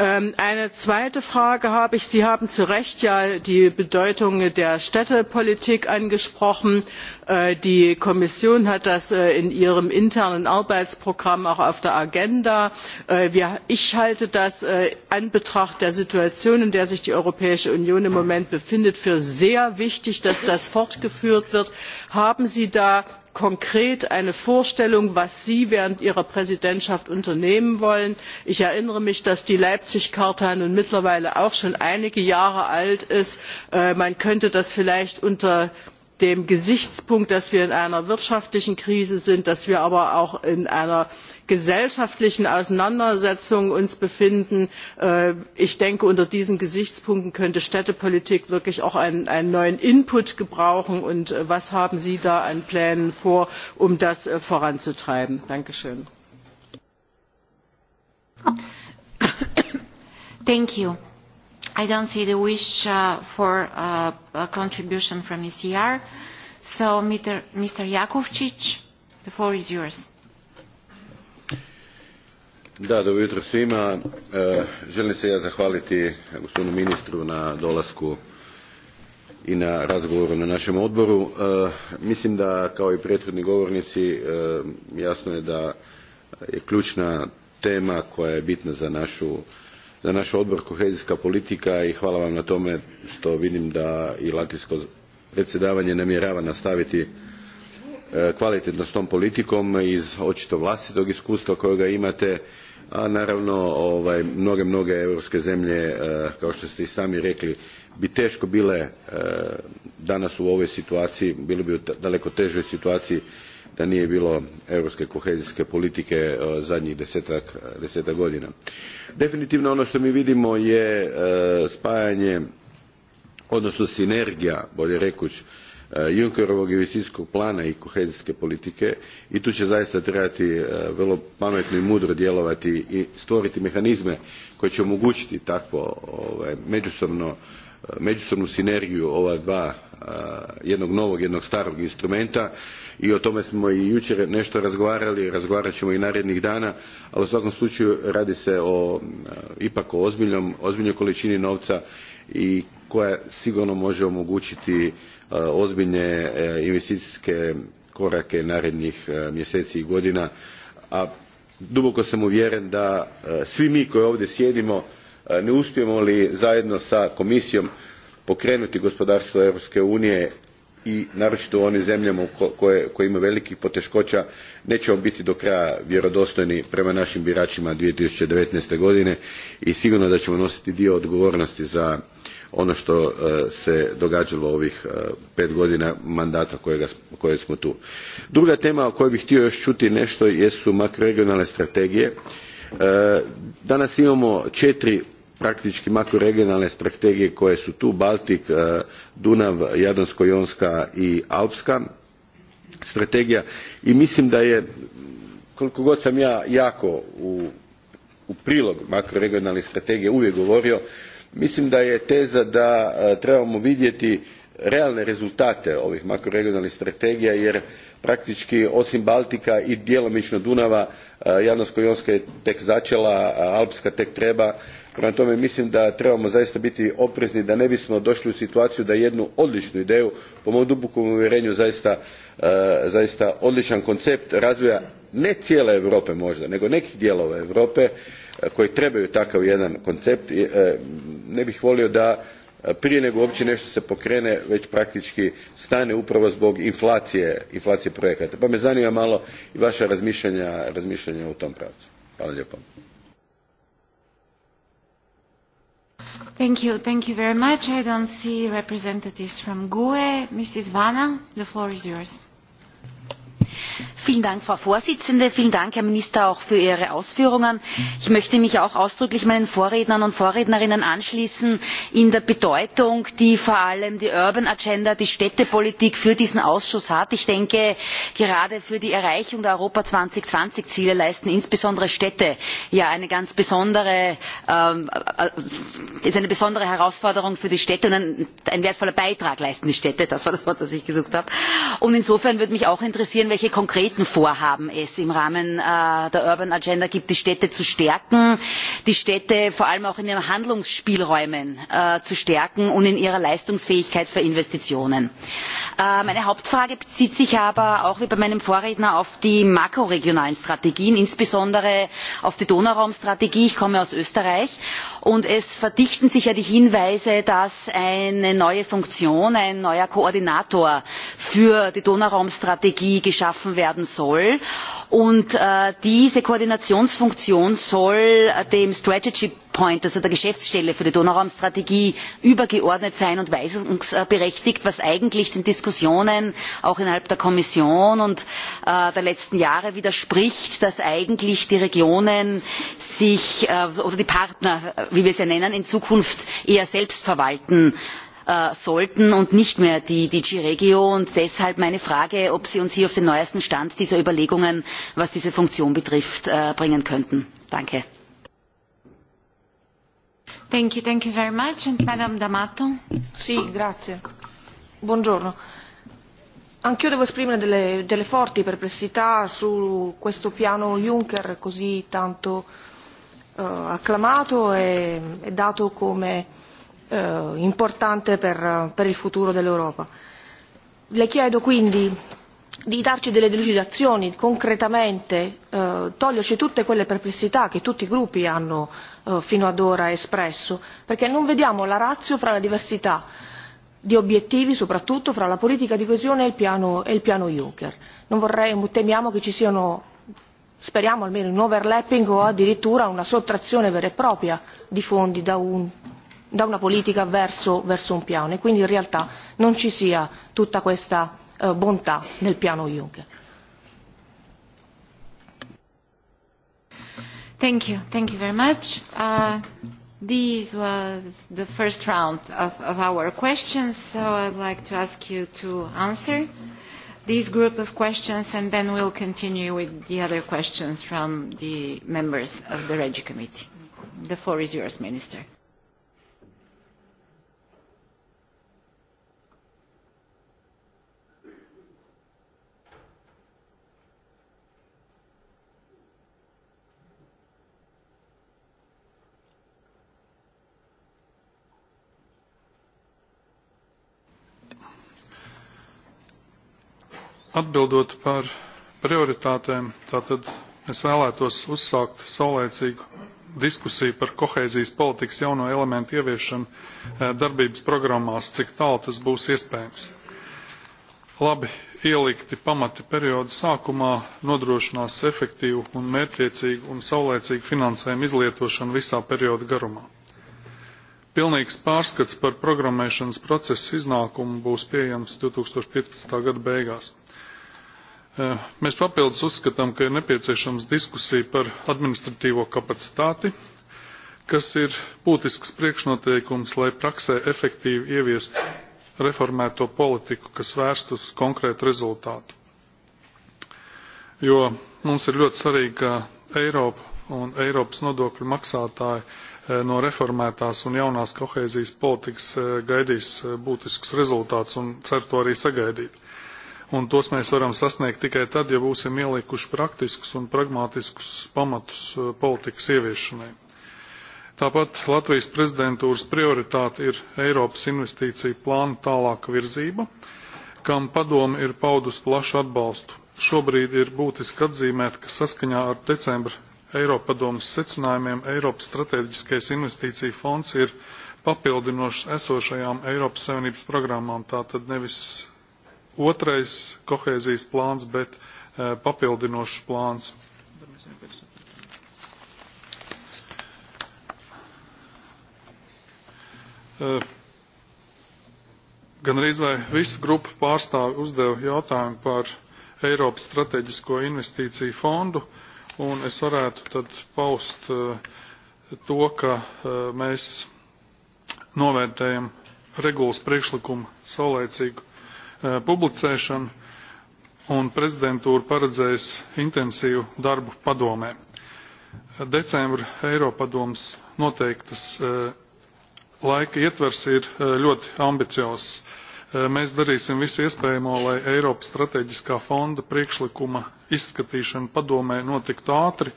Ähm, eine zweite frage habe ich sie haben zu recht die bedeutung der städtepolitik angesprochen. Äh, die kommission hat das äh, in ihrem internen arbeitsprogramm auch auf der agenda. Äh, ich halte das in anbetracht der situation in der sich die europäische union im moment befindet für sehr wichtig dass das fortgeführt wird. haben sie da konkret eine vorstellung was sie während ihrer präsidentschaft unternehmen wollen? ich erinnere mich dass die leipzig charta nun mittlerweile auch schon einige jahre alt ist. Äh, man könnte das vielleicht unter dem gesichtspunkt dass wir in einer wirtschaftlichen krise sind dass wir uns aber auch in einer gesellschaftlichen auseinandersetzung befinden äh, ich denke unter diesen gesichtspunkten könnte städtepolitik wirklich auch einen neuen input gebrauchen und äh, was haben sie da an plänen vor um das äh, voranzutreiben? danke schön. I don't see the wish uh, for uh, a contribution from ECR. So, Mr. Mr. Jakovčić, the floor is yours. Da, dobro jutro svima. E, želim se ja zahvaliti e, gospodinu ministru na dolasku i na razgovoru na našem odboru. E, mislim da, kao i prethodni govornici, e, jasno je da je ključna tema koja je bitna za našu e, za naš odbor kohezijska politika i hvala vam na tome što vidim da i latinsko predsjedavanje namjerava nastaviti e, kvalitetno s tom politikom iz očito vlastitog iskustva kojega imate a naravno mnoge mnoge europske zemlje e, kao što ste i sami rekli bi teško bile e, danas u ovoj situaciji bile bi u daleko težoj situaciji da nije bilo europske kohezijske politike e, zadnjih desetak, godina. definitivno ono što mi vidimo je e, spajanje odnosno sinergija bolje rečeno junckerovog investicijskog plana i kohezijske politike i tu će zaista trebati e, vrlo pametno i mudro djelovati i stvoriti mehanizme koji će omogućiti takvu ovaj, međusobnu sinergiju ova dva jednog novog jednog starog instrumenta i o tome smo i jučer nešto razgovarali razgovarat ćemo i narednih dana ali u svakom slučaju radi se eh, ipak o ozbiljnoj količini novca koja sigurno može omogućiti eh, ozbiljne eh, investicijske korake narednih mjeseci i godina a duboko sam uvjeren da svi mi koji ovdje sjedimo ne uspijemo li zajedno s komisijom pokrenuti gospodarstvo europske unije i naročito u onim zemljama koje, koje imaju velikih poteškoća nećemo biti do kraja vjerodostojni prema našim biračima. two thousand and nineteen godine i sigurno da ćemo nositi dio odgovornosti za ono što e, se događalo ovih e, pet godina mandata kojega, koje smo tu. druga tema o kojoj bih htio još čuti nešto jesu makroregionalne strategije. E, danas imamo četiri praktički makroregionalne strategije koje su tu baltik e, dunav jadransko jonska i alpska strategija i mislim da je koliko god sam ja jako u, prilog makroregionalnih strategija uvijek govorio mislim da je teza da e, trebamo vidjeti realne rezultate ovih makroregionalnih strategija jer praktički osim baltika i djelomično dunava e, jadransko jonska je tek začela alpska tek treba prema tome mislim da trebamo zaista biti oprezni da ne bismo došli u situaciju da jednu odličnu ideju po mom dubokom uvjerenju zaista e, odličan koncept razvoja ne cijele europe možda nego nekih dijelova europe e, koji trebaju takav jedan koncept e, ne bih volio da prije nego uopće nešto se pokrene već praktički stane upravo zbog inflacije projekata pa me zanima malo i vaša razmišljanja u tom pravcu. Thank you. Thank you very much. I don't see representatives from GUE. Mrs. Vana, the floor is yours frau präsidentin! vielen dank herr minister auch für ihre ausführungen. ich möchte mich auch ausdrücklich meinen vorrednern und vorrednerinnen anschließen in der bedeutung die vor allem die urban agenda die städtepolitik für diesen ausschuss hat. ich denke gerade für die erreichung der europa zweitausendzwanzig ziele leisten insbesondere städte ja eine ganz besondere es ähm, äh, ist eine besondere herausforderung für die städte und ein wertvoller beitrag leisten die städte das war das wort das ich gesucht habe. insofern würde mich auch interessieren welche konkreten vorhaben es im rahmen äh, der urban agenda gibt die städte zu stärken die städte vor allem auch in ihren handlungsspielräumen äh, zu stärken und in ihrer leistungsfähigkeit für investitionen. Äh, meine hauptfrage bezieht sich aber auch wie bei meinem vorredner auf die makroregionalen strategien insbesondere auf die donauraumstrategie. ich komme aus österreich und es verdichten sich ja die hinweise dass eine neue funktion ein neuer koordinator für die donauraumstrategie geschaffen werden soll und äh, diese koordinationsfunktion soll äh, dem strategy point also der geschäftsstelle für die donauraumstrategie übergeordnet sein und weisungsberechtigt was eigentlich den diskussionen auch innerhalb der kommission und äh, der letzten jahre widerspricht dass eigentlich die regionen sich äh, oder die partner wie wir sie nennen in zukunft eher selbst verwalten Äh, sollten und nicht mehr die gd regio und deshalb meine frage ob sie uns hier auf den neuesten stand dieser überlegungen was diese funktion betrifft äh, bringen könnten. Anch'io devo esprimere delle, forti perplessità su questo piano Juncker così tanto eh, acclamato e, e dato come Eh, importante per, il futuro dell'Europa. Le chiedo quindi di darci delle delucidazioni concretamente, eh, toglierci tutte quelle perplessità che tutti i gruppi hanno eh, fino ad ora espresso, perché non vediamo la ratio fra la diversità di obiettivi soprattutto fra la politica di coesione e il piano, e il piano Juncker. Non vorrei, temiamo che ci siano, speriamo almeno, un overlapping o addirittura una sottrazione vera e propria di fondi da un da una politica verso, verso un piano e quindi in realtà non ci sia tutta questa eh, bontà nel piano Juncker. Thank you. Thank you very much. Uh, this was the first round of, of our questions, so I'd like to ask you to answer this group of questions, and then we'll continue with the other questions from the members of the Regi Committee. The floor is yours, Minister. Atbildot par prioritātēm, tātad es vēlētos uzsākt saulēcīgu diskusiju par kohēzijas politikas jauno elementu ieviešanu eh, darbības programmās, cik tālu tas būs iespējams. Labi ielikti pamati periodu sākumā nodrošinās efektīvu un mērķiecīgu un saulēcīgu finansējumu izlietošanu visā perioda garumā. Pilnīgs pārskats par programmēšanas procesu iznākumu būs pieejams 2015. gada beigās. Mēs papildus uzskatām, ka ir nepieciešams diskusija par administratīvo kapacitāti, kas ir būtisks priekšnoteikums, lai praksē efektīvi ieviest reformēto politiku, kas vērst uz konkrētu rezultātu. Jo mums ir ļoti svarīgi, ka Eiropa un Eiropas nodokļu maksātāji no reformētās un jaunās kohēzijas politikas gaidīs būtisks rezultāts un cer to arī sagaidīt un tos mēs varam sasniegt tikai tad, ja būsim ielikuši praktiskus un pragmatiskus pamatus eh, politikas ieviešanai. Tāpat Latvijas prezidentūras prioritāte ir Eiropas investīcija plāna tālāka virzība, kam padomi ir paudus plašu atbalstu. Šobrīd ir būtiski atzīmēt, ka saskaņā ar decembra Eiropa padomas secinājumiem Eiropas strateģiskais investīcija fonds ir papildinošs esošajām Eiropas Savienības programmām, tātad nevis Otrais kohēzijas plāns, bet eh, papildinošs plāns. Eh, gan arī, vai visu grupu pārstāvi uzdev jautājumu par Eiropas strateģisko investīciju fondu, un es varētu tad paust eh, to, ka mēs novērtējam regulas priekšlikumu saulēcīgu Eh, publicēšanu, un prezidentūra paredzēs intensīvu darbu padomē. Decembra Eiropadoms noteiktas eh, laika ietvers ir eh, ļoti ambiciozs. Mēs darīsim visu iespējamo, lai Eiropas strateģiskā fonda priekšlikuma izskatīšana padomē notiktu ātri,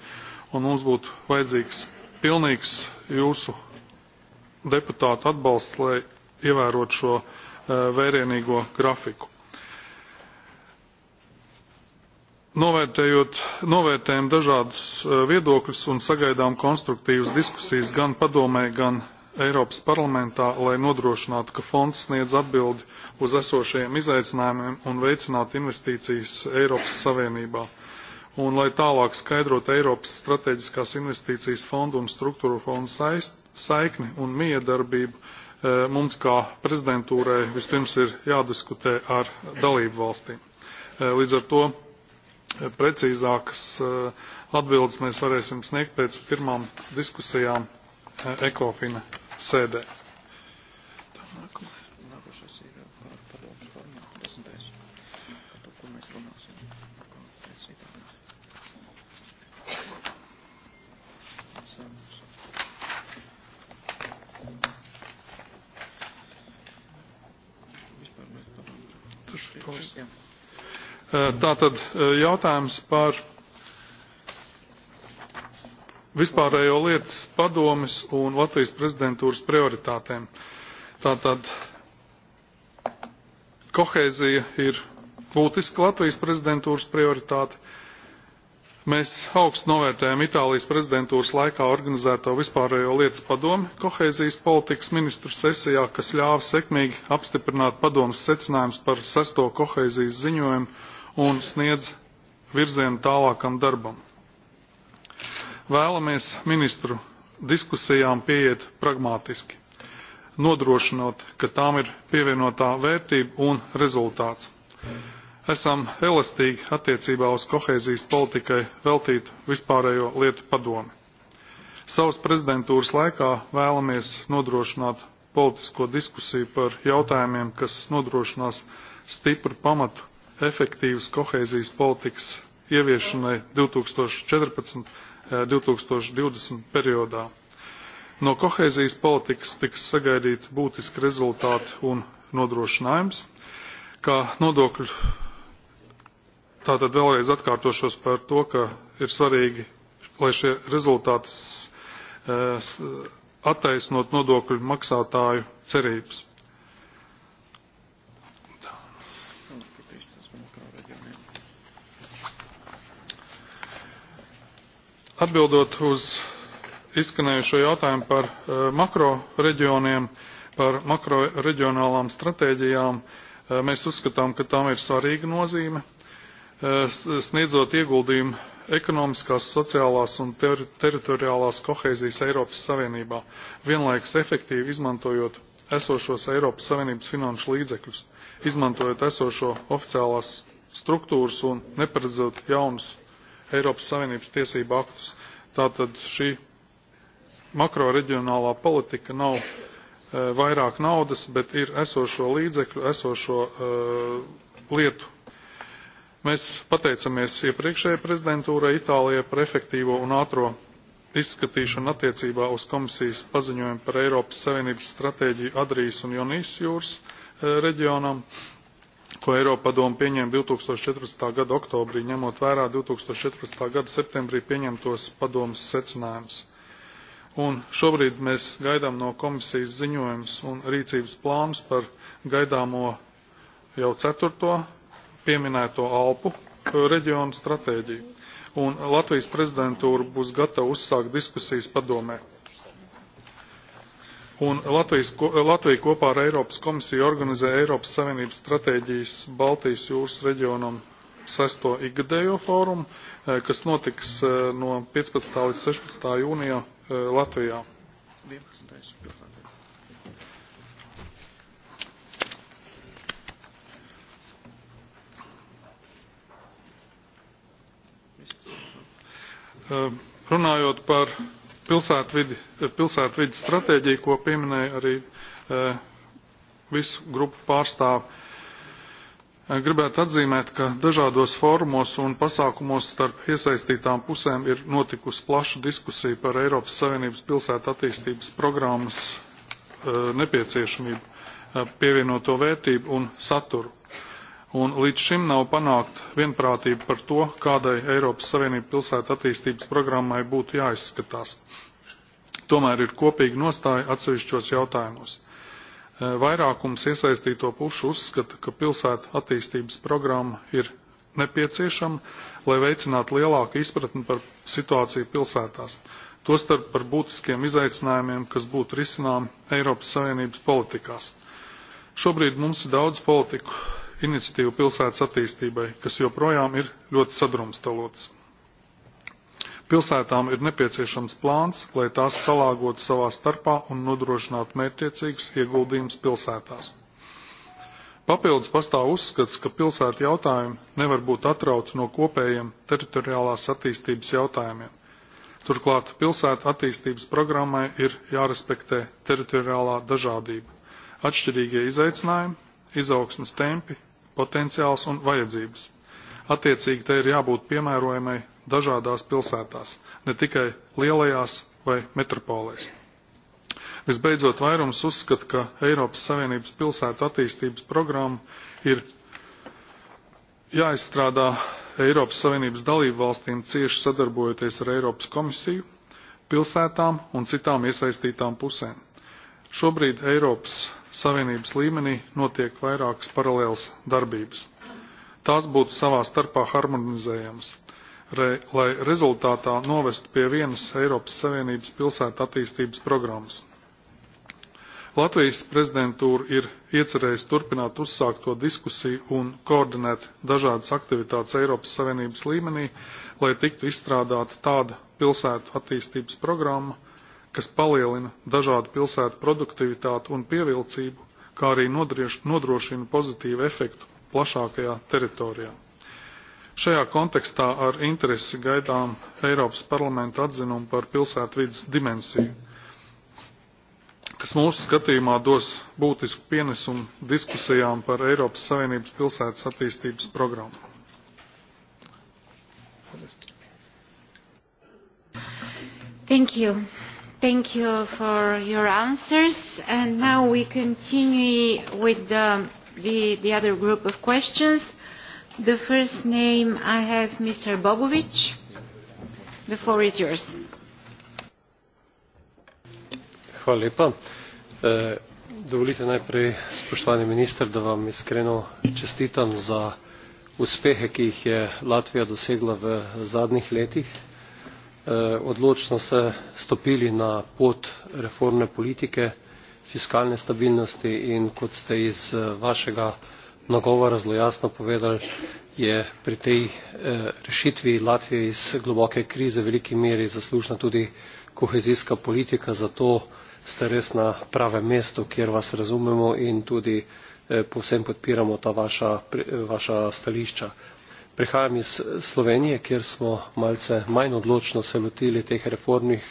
un mums būtu vajadzīgs pilnīgs jūsu deputātu atbalsts, lai ievērotu šo E, verenīgo grafiku. Novērtējot, novērtējam dažādas e, viedokļus un sagaidām konstruktīvas diskusijas gan padomē, gan Eiropas parlamentā, lai nodrošinātu, ka fonds sniedz atbildi uz esošajiem izaicinājumiem un veicinātu investīcijas Eiropas Savienībā. Un lai tālāk skaidrot Eiropas strateģiskās investīcijas fondu un struktūru fondu saist, saikni un miedarbību Eh, mums kā prezidentūrai vispirms ir jādiskutē ar dalību valstīm. Eh, līdz ar to eh, precīzākas atbildes mēs varēsim sniegt pēc pirmām diskusijām ECOFINA sēdē. Tā, Eh, tātad eh, jautājums par vispārējo lietas padomis un Latvijas prezidentūras prioritātēm. Tātad kohēzija ir būtiska Latvijas prezidentūras prioritāte Mēs augstu novērtējam Itālijas prezidentūras laikā organizēto vispārējo lietu padomi kohēzijas politikas ministru sesijā, kas ļāva sekmīgi apstiprināt padomas secinājumus par sesto kohēzijas ziņojumu un sniedz virzienu tālākam darbam. Vēlamies ministru diskusijām pieiet pragmātiski, nodrošinot, ka tām ir pievienotā vērtība un rezultāts esam elastīgi attiecībā uz kohēzijas politikai veltīt vispārējo lietu padomi. Savas prezidentūras laikā vēlamies nodrošināt politisko diskusiju par jautājumiem, kas nodrošinās stipru pamatu efektīvas kohēzijas politikas ieviešanai 2014. 2020 eh, periodā. No kohēzijas politikas tiks sagaidīt būtiski rezultāti un nodrošinājums, kā nodokļu Tātad vēlreiz atkārtošos par to, ka ir svarīgi, lai šie rezultāti e, attaisnot nodokļu maksātāju cerības. Atbildot uz izskanējušo jautājumu par e, makro reģioniem, par makro reģionālām stratēģijām, e, mēs uzskatām, ka tam ir svarīga nozīme Eh, sniedzot ieguldījumu ekonomiskās, sociālās un ter teritoriālās kohēzijas Eiropas Savienībā, vienlaikus efektīvi izmantojot esošos Eiropas Savienības finanšu līdzekļus, izmantojot esošo oficiālās struktūras un neparedzot jaunus Eiropas Savienības tiesību aktus. Tātad šī makroreģionālā politika nav eh, vairāk naudas, bet ir esošo līdzekļu, esošo eh, lietu Mēs pateicamies iepriekšējai prezidentūrai Itālijai par efektīvo un ātro izskatīšanu attiecībā uz komisijas paziņojumu par Eiropas Savienības stratēģiju Adrijas un Jonijas jūras e, reģionam, ko Eiropa Eiropadoma pieņēma 2014. gada oktobrī, ņemot vērā 2014. gada septembrī pieņemtos padomas secinājumus. Un šobrīd mēs gaidām no komisijas ziņojums un rīcības plāns par gaidāmo jau ceturto pieminēto Alpu reģionu stratēģiju, un Latvijas prezidentūra būs gatava uzsākt diskusijas padomē. Un Latvijas, Latvija kopā ar Eiropas komisiju organizē Eiropas Savienības stratēģijas Baltijas jūras reģionam sesto ikgadējo fórumu, eh, kas notiks eh, no 15. līdz 16. jūnijā eh, Latvijā. 11. Eh, runājot par eh, pilsētvidi, stratēģiju, ko pieminēja arī eh, visu grupu pārstāvi, gribētu atzīmēt, ka dažādos fórumos un pasākumos starp iesaistītām pusēm ir notikusi plaša diskusija par Eiropas Savienības pilsētu attīstības programmas nepieciešamību, pievienoto vērtību un saturu un līdz šim nav panākt vienprātība par to, kādai Eiropas Savienība pilsētu attīstības programmai būtu jāizskatās. Tomēr ir kopīga nostāja atsevišķos jautājumos. E, vairākums iesaistīto pušu uzskata, ka pilsētu attīstības programma ir nepieciešama, lai veicinātu lielāku izpratni par situāciju pilsētās, tostarp par būtiskiem izaicinājumiem, kas būtu risinām Eiropas Savienības politikās. Šobrīd mums ir daudz politiku, iniciatīvu pilsētas attīstībai, kas joprojām ir ļoti sadrumstalotas. Pilsētām ir nepieciešams plāns, lai tās salāgotu savā starpā un nodrošinātu mērķiecīgus ieguldījumus pilsētās. Papildus pastāv uzskats, ka pilsētu jautājumi nevar būt atrauti no kopējiem teritoriālās attīstības jautājumiem. Turklāt pilsētu attīstības programmai ir jārespektē teritoriālā dažādība, atšķirīgie izaicinājumi, izaugsmas tempi potenciāls un vajadzības. Attiecīgi te ir jābūt piemērojamai dažādās pilsētās, ne tikai lielajās vai metropolēs. Visbeidzot, vairums uzskata, ka Eiropas Savienības pilsētu attīstības programma ir jāizstrādā Eiropas Savienības dalību valstīm cieši sadarbojoties ar Eiropas komisiju, pilsētām un citām iesaistītām pusēm. Šobrīd Eiropas Savienības līmenī notiek vairākas paralēlas darbības. Tās būtu savā starpā harmonizējamas, re, lai rezultātā novestu pie vienas Eiropas Savienības pilsētu attīstības programmas. Latvijas prezidentūra ir iecerējusi turpināt uzsākto diskusiju un koordinēt dažādas aktivitātes Eiropas Savienības līmenī, lai tiktu izstrādāta tāda pilsētu attīstības programma, kas palielina dažādu pilsētu produktivitāti un pievilcību, kā arī nodrošina pozitīvu efektu plašākajā teritorijā. Šajā kontekstā ar interesi gaidām Eiropas parlamenta atzinumu par vidas dimensiju, kas mūsu skatījumā dos būtisku pienesumu diskusijām par Eiropas Savienības pilsētas attīstības programmu. Thank you. Thank you for your answers. And now we continue with the, the, the other group of questions. The first name I have Mr. Bogovic. The floor is yours. Hvala lepa. E, dovolite najprej, spoštovani minister, da vam iskreno čestitam za uspehe, ki jih je Latvija dosegla v zadnjih letih Eh, odločno se stopili na pot reformne politike fiskalne stabilnosti in kot ste iz eh, vašega nagovora zelo jasno povedali je pri tej eh, rešitvi latvije iz globoke krize v veliki meri zaslužna tudi kohezijska politika zato ste res na pravem mestu kjer vas razumemo in tudi povsem podpiramo ta vaša, vaša stališča. Prihajam iz eh, Slovenije, kjer smo malce manj odločno se lotili teh reformnih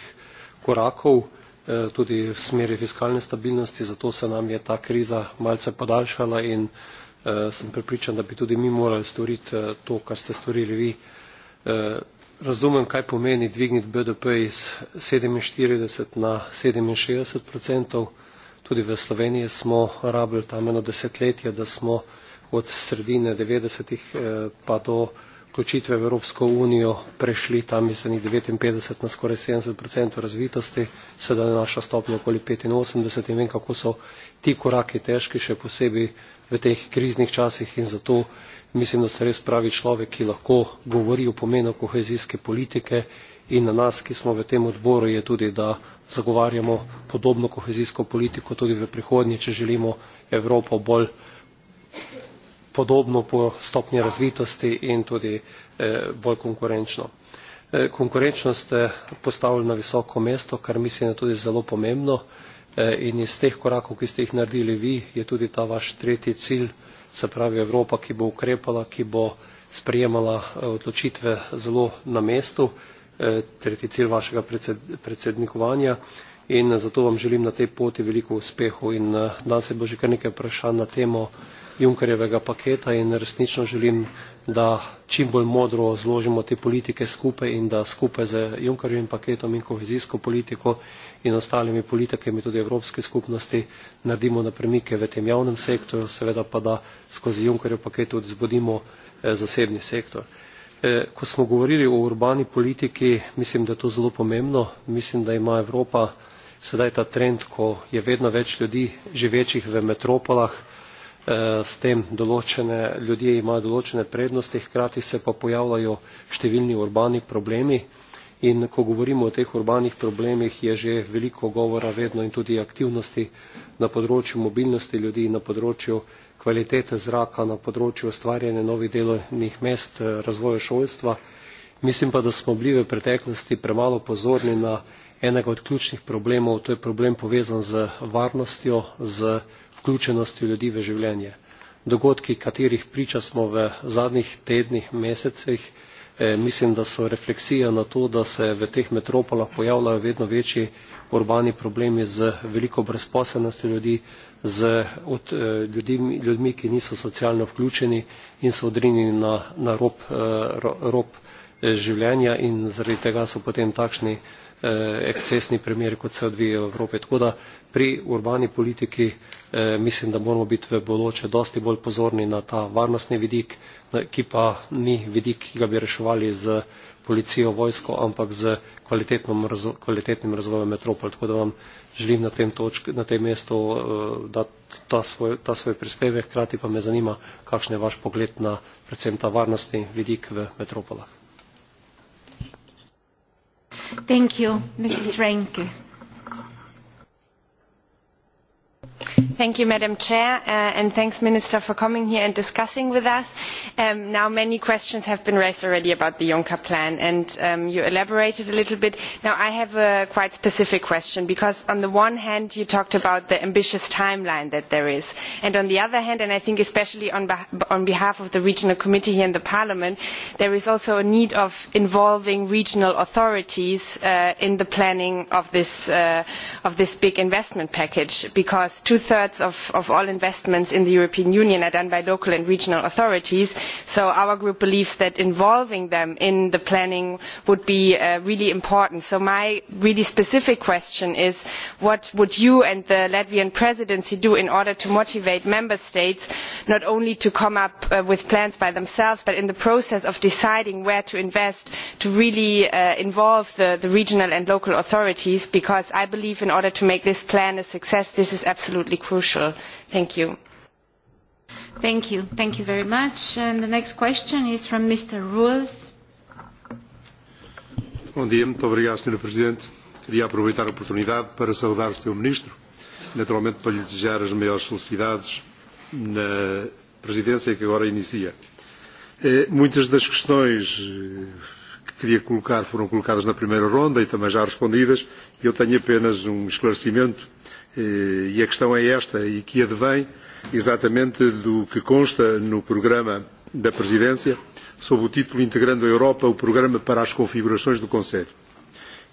korakov, eh, tudi v smeri fiskalne stabilnosti, zato se nam je ta kriza malce podaljšala in eh, sem prepričan, da bi tudi mi morali storiti to, kar ste storili vi. Razumem, kaj pomeni dvigniti BDP iz sedeminštirideset na sedeminšestdeset odstotkov. Tudi v Sloveniji smo rabili tam eno desetletje, da smo od sredine 90-ih eh, pa do vključitve v Evropsko unijo prešli tam iz 59 na skoraj 70% razvitosti, sedaj je naša stopnja okoli 85 in vem, kako so ti koraki težki, še posebej v teh kriznih časih in zato mislim, da ste res pravi človek, ki lahko govori o pomenu kohezijske politike in na nas, ki smo v tem odboru, je tudi, da zagovarjamo podobno kohezijsko politiko tudi v prihodnje, če želimo Evropo bolj podobno po stopnji razvitosti in tudi eh, bolj konkurenčno. Eh, konkurenčnost eh, postavili na visoko mesto, kar mislim je tudi zelo pomembno in iz teh korakov, ki ste jih naredili vi, je tudi ta vaš tretji cilj, se pravi Evropa, ki bo ukrepala, ki bo sprejemala odločitve zelo na mestu, tretji cilj vašega predsednikovanja in zato vam želim na tej poti veliko uspehov in danes je bilo že kar nekaj vprašanj na temo junckerjevega paketa in resnično želim, da čim bolj modro zložimo te politike skupaj in da skupaj z junckerjevim paketom in kohezijsko politiko in ostalimi politikami tudi Evropske skupnosti naredimo napremike v tem javnem sektorju, seveda pa da skozi junckerjev paket tudi zbudimo eh, zasebni sektor. Eh, ko smo govorili o urbani politiki, mislim, da je to zelo pomembno. Mislim, da ima Evropa sedaj ta trend, ko je vedno več ljudi živečih v metropolah, Eh, s tem določene, ljudje imajo določene prednosti, hkrati se pa pojavljajo številni urbani problemi in ko govorimo o teh urbanih problemih je že veliko govora vedno in tudi aktivnosti na področju mobilnosti ljudi, na področju kvalitete zraka, na področju ustvarjanja novih delovnih mest, eh, razvoja šolstva. Mislim pa, da smo bili v preteklosti premalo pozorni na enega od ključnih problemov, to je problem povezan z varnostjo, z vključenosti ljudi v življenje. Dogodki, katerih priča smo v zadnjih tednih, mesecih, eh, mislim, da so refleksija na to, da se v teh metropolah pojavljajo vedno večji urbani problemi z veliko brezposelnosti ljudi, z od, eh, ljudmi, ljudmi, ki niso socialno vključeni in so odrinjeni na, na rob, eh, rob življenja in zaradi tega so potem takšni Eh, ekscesni primeri, kot se odvijajo v Evropi. Tako da pri urbani politiki eh, mislim, da moramo biti v bodoče dosti bolj pozorni na ta varnostni vidik, ki pa ni vidik, ki ga bi reševali z policijo, vojsko, ampak z kvalitetnim razvojem metropol. Tako da vam želim na tem, točk, na tem mestu eh, dati ta svoj, ta svoj prispevek, hkrati pa me zanima, kakšen je vaš pogled na predvsem ta varnostni vidik v metropolah. Thank you, Mrs. Renke. Thank you, Madam Chair, uh, and thanks, Minister, for coming here and discussing with us. Um, now, many questions have been raised already about the Juncker plan, and um, you elaborated a little bit. Now, I have a quite specific question, because on the one hand, you talked about the ambitious timeline that there is, and on the other hand, and I think especially on, behalf of the Regional Committee here in the Parliament, there is also a need of involving regional authorities uh, in the planning of this, uh, of this big investment package, because two-thirds thirds of, all investments in the european union are done by local and regional authorities so our group believes that involving them in the planning would be uh, really important. so my really specific question is what would you and the latvian presidency do in order to motivate member states not only to come up uh, with plans by themselves but in the process of deciding where to invest to really uh, involve the, the regional and local authorities because i believe in order to make this plan a success this is absolutely crucial crucial. Thank you. Thank you. Thank you very much. And the next question is from Mr. Ruas. Bom dia, muito obrigado, Sra. Presidente. Queria aproveitar a oportunidade para saudar o Sr. Ministro, naturalmente para lhe desejar as maiores felicidades na presidência que agora inicia. Eh, muitas das questões eh, que queria colocar foram colocadas na primeira ronda e também já respondidas. e Eu tenho apenas um esclarecimento Eh, e a questão é esta e que advém exatamente do que consta no programa da Presidência sob o título Integrando a Europa, o programa para as configurações do Conselho.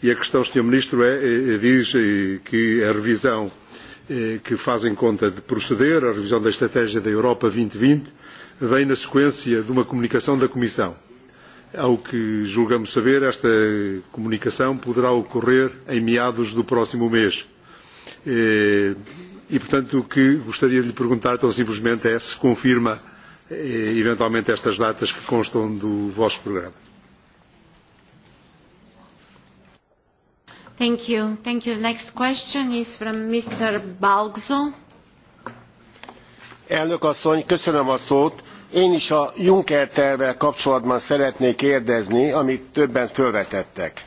E a questão, Sr. Ministro, é, diz eh, que a revisão eh, que fazem conta de proceder, a revisão da Estratégia da Europa 2020, e vem na sequência de uma comunicação da Comissão. Ao que julgamos saber, esta comunicação poderá ocorrer em meados do próximo mês Eh, e, portanto, o que gostaria de lhe perguntar tão simplesmente é se confirma eh, eventualmente estas datas que constam do vosso programa. Thank you. Thank you. Next question is from Mr. Balgzo. Elnök asszony, köszönöm a szót. Én is a Juncker tervvel kapcsolatban szeretnék kérdezni, amit többen fölvetettek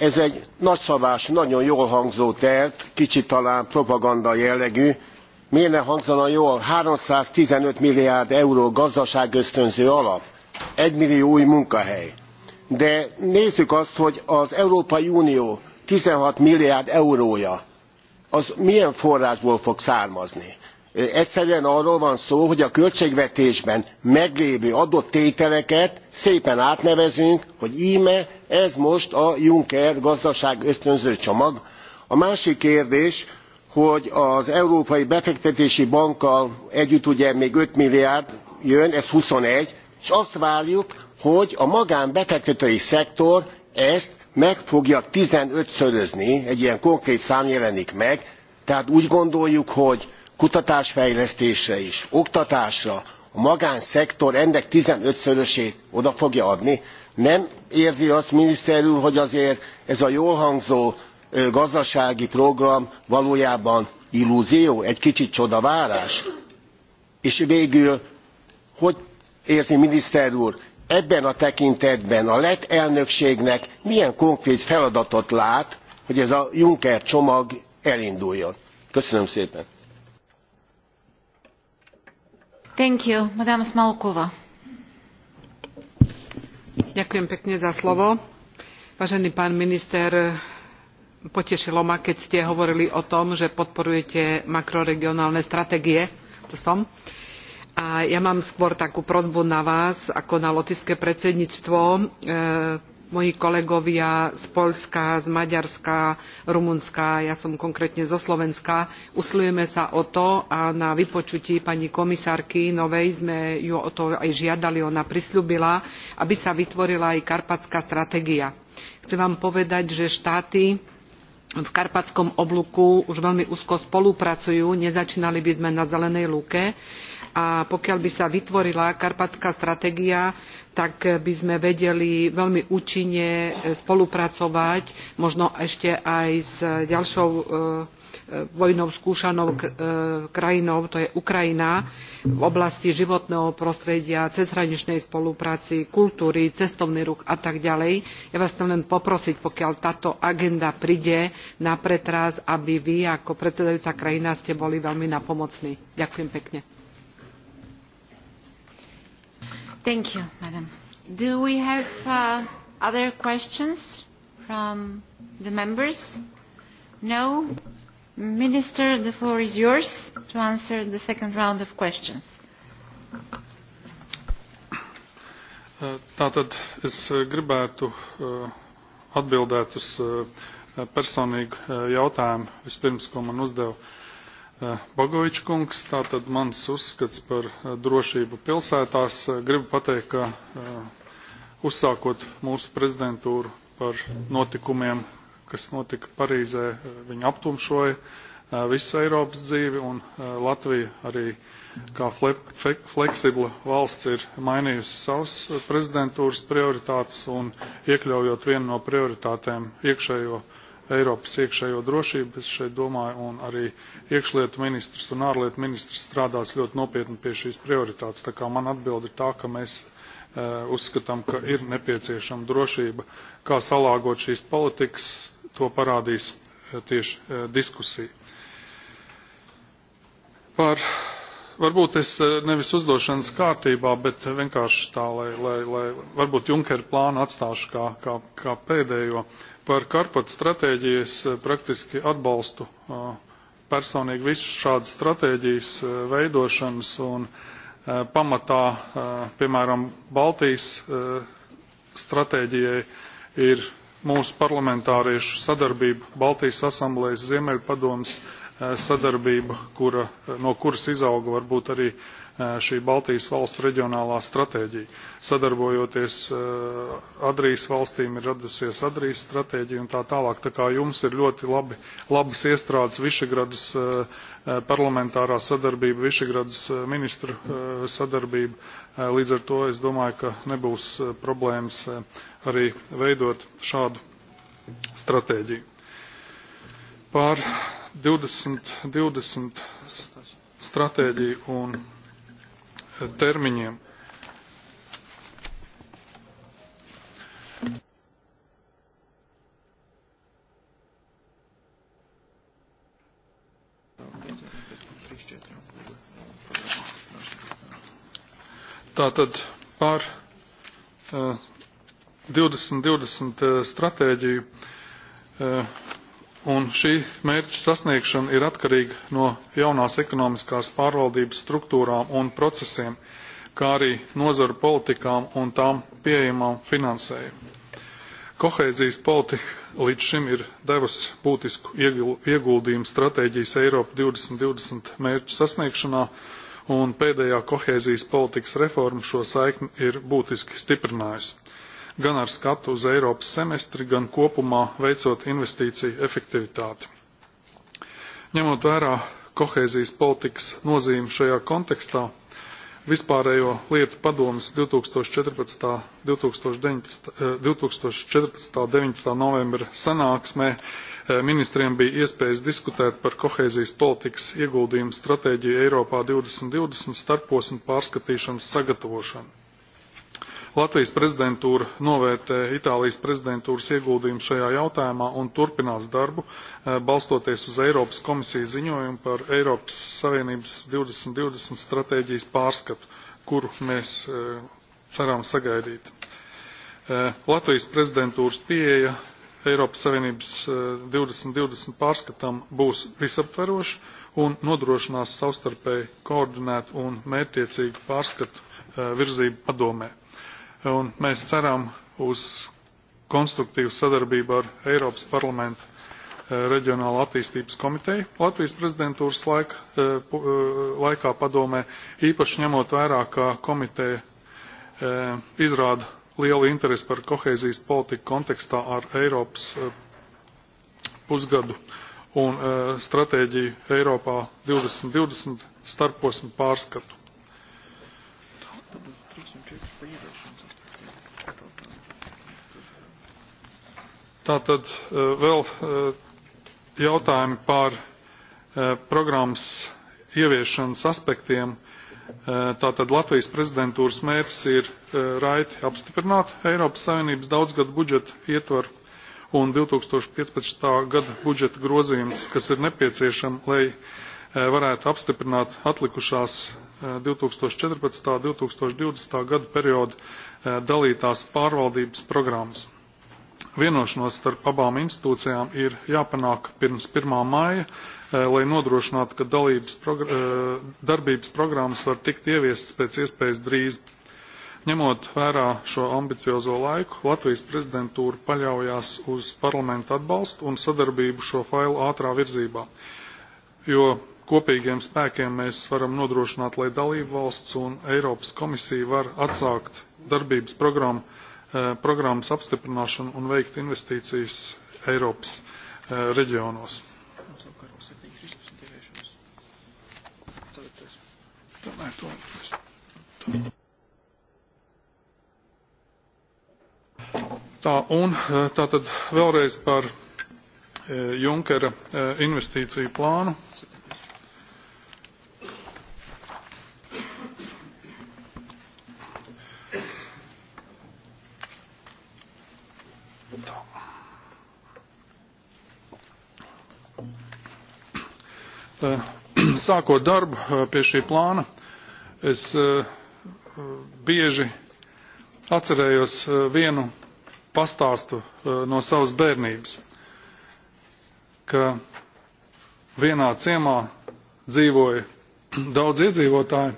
ez egy nagyszabású nagyon jól hangzó terv kicsit talán propaganda jellegű miért ne hangzana jól three hundred and fifteen milliárd euró gazdaságösztönző alap egymillió új munkahely de nézzük azt hogy az európai unió sixteen milliárd eurója az milyen forrásból fog származni egyszerűen arról van szó hogy a költségvetésben meglévő adott tételeket szépen átnevezünk hogy me ez most a juncker gazdaságösztönző csomag. a másik kérdés hogy az európai befektetési bankkal együtt ugye még five milliárd jön ez twenty one s azt várjuk hogy a magánbefektetői szektor ezt meg fogja fifteen szörözni egy ilyen konkrét szám jelenik meg tehát úgy gondoljuk hogy kutatásfejlesztésre és oktatásra a magánszektor ennek tizenötszörösét oda fogja adni? nem érzi azt miniszter úr hogy azért ez a jól hangzó gazdasági program valójában illúzió egy kicsit csodavárás? és végül hogy érzi miniszter úr ebben a tekintetben a lett elnökségnek milyen konkrét feladatot lát hogy ez a juncker csomag elinduljon? köszönöm szépen! Thank you. Madame Smalkova. Ďakujem pekne za slovo. Vážený pán minister, potešilo ma, keď ste hovorili o tom, že podporujete makroregionálne stratégie. To som. A ja mám skôr takú prozbu na vás, ako na lotiské predsedníctvo. E, moji kolegovia z Poľska, z Maďarska, Rumunska, ja som konkrétne zo Slovenska. Usilujeme sa o to a na vypočutí pani komisárky novej sme ju o to aj žiadali, ona prisľúbila, aby sa vytvorila aj karpatská stratégia. Chcem vám povedať, že štáty v karpatskom oblúku už veľmi úzko spolupracujú, nezačínali by sme na zelenej lúke a pokiaľ by sa vytvorila karpatská stratégia, tak by sme vedeli veľmi účinne e, spolupracovať, možno ešte aj s ďalšou e, e, vojnou skúšanou krajinou, to je Ukrajina, v oblasti životného prostredia, cezhraničnej spolupráci, kultúry, cestovný ruch a tak ďalej. Ja vás chcem len poprosiť, pokiaľ táto agenda príde na pretras, aby vy ako predsedajúca krajina ste boli veľmi napomocní. Ďakujem pekne. Thank you, madam. Do we have uh, other questions from the members? No? Minister, the floor is yours to answer the second round of questions. Uh, tātad es uh, gribētu uh, atbildēt uz personīgu jautājumu vispirms, ko man uzdeva Eh, Bagovičs kungs, tātad mans uzskats par eh, drošību pilsētās. Eh, gribu pateikt, ka uzsākot mūsu prezidentūru par notikumiem, kas notika Parīzē, viņa aptumšoja visu Eiropas dzīvi un Latvija arī kā fleksibla valsts ir mainījusi savas prezidentūras prioritātes un iekļaujot vienu no prioritātēm iekšējo Eiropas iekšējo drošību. Es šeit domāju, un arī iekšlietu ministrs un ārlietu ministrs strādās ļoti nopietni pie šīs prioritātes. Tā kā man atbilde ir tā, ka mēs e, uzskatām, ka ir nepieciešama drošība. Kā salāgot šīs politikas, to parādīs e, tieši e, diskusija. Par varbūt es nevis uzdošanas kārtībā, bet vienkārši tā, lai, lai, lai varbūt Junkera plānu atstāšu kā, kā, kā pēdējo. Uh, Par stratēģiju es eh, praktiski atbalstu eh, personīgi visu šādas stratēģijas eh, veidošanas un pamatā, piemēram, Baltijas stratēģijai ir mūsu parlamentāriešu sadarbība Baltijas asamblējas Ziemeļpadomas sadarbība, kura, no kuras izauga varbūt arī e, šī Baltijas valstu reģionālā stratēģija. Sadarbojoties e, Adrijas valstīm ir radusies Adrijas stratēģija un tā tālāk. Tā kā jums ir ļoti labi, labas iestrādes Višegradas e, parlamentārā sadarbība, Višegradas ministru sadarbība. Līdz ar to es domāju, ka nebūs problēmas arī veidot šādu stratēģiju. Par 2020 stratēģiju un termiņiem. Tātad par 2020 eh, eh, stratēģiju eh, un šī mērķa sasniegšana ir atkarīga no jaunās ekonomiskās pārvaldības struktūrām un procesiem, kā arī nozaru politikām un tām pieejamām finansējumu. Kohēzijas politika līdz šim ir devusi būtisku ieguldījumu stratēģijas Eiropa 2020 mērķu sasniegšanā, un pēdējā kohēzijas politikas reforma šo saikni ir būtiski stiprinājusi gan ar skatu uz Eiropas semestri, gan kopumā veicot investīciju efektivitāti. Ņemot vērā kohēzijas politikas nozīmi šajā kontekstā, vispārējo lietu padomas 2014. 2014. 19. novembra sanāksmē eh, ministriem bija iespējas diskutēt par kohēzijas politikas ieguldījumu stratēģiju Eiropā 2020 starposmu pārskatīšanas sagatavošanu. Latvijas prezidentūra novērtē Itālijas prezidentūras ieguldījumu šajā jautājumā un turpinās darbu, eh, balstoties uz Eiropas komisijas ziņojumu par Eiropas Savienības 2020 stratēģijas pārskatu, kuru mēs eh, ceram sagaidīt. Eh, Latvijas prezidentūras pieeja Eiropas Savienības 2020 pārskatam būs visaptveroša un nodrošinās savstarpēji koordinētu un mērķiecīgu pārskatu virzību padomē un mēs ceram uz konstruktīvu sadarbību ar Eiropas parlamentu eh, reģionālo attīstības komiteju Latvijas prezidentūras laika, eh, eh, laikā padomē, īpaši ņemot vērā, ka komiteja izrāda lielu interesi par kohēzijas politiku kontekstā ar Eiropas pusgadu un stratēģiju Eiropā 2020 starposmu pārskatu. Thank you. Tātad eh, vēl eh, jautājumi par eh, programmas ieviešanas aspektiem. Tātad Latvijas prezidentūras mērķis ir raiti apstiprināt Eiropas Savienības daudzgadu budžetu ietvaru un 2015. gada budžeta grozījums, kas ir nepieciešama, lai varētu apstiprināt atlikušās 2014. 2020. gada periodu dalītās pārvaldības programmas. Vienošanos starp abām institūcijām ir jāpanāk pirms 1. maija, eh, lai nodrošinātu, ka dalības progr eh, darbības programmas var tikt ieviestas pēc iespējas drīz. Ņemot vērā šo ambiciozo laiku, Latvijas prezidentūra paļaujās uz parlamentu atbalstu un sadarbību šo failu ātrā virzībā, jo kopīgiem spēkiem mēs varam nodrošināt, lai dalību valsts un Eiropas komisija var atsākt darbības programmu Eh, programmas apstiprināšanu un veikt investīcijas Eiropas eh, reģionos. Tā, un eh, tātad vēlreiz par Junkera investīciju plānu. sākot darbu pie šī plāna, es bieži atcerējos vienu pastāstu no savas bērnības, ka vienā ciemā dzīvoja daudz iedzīvotāju,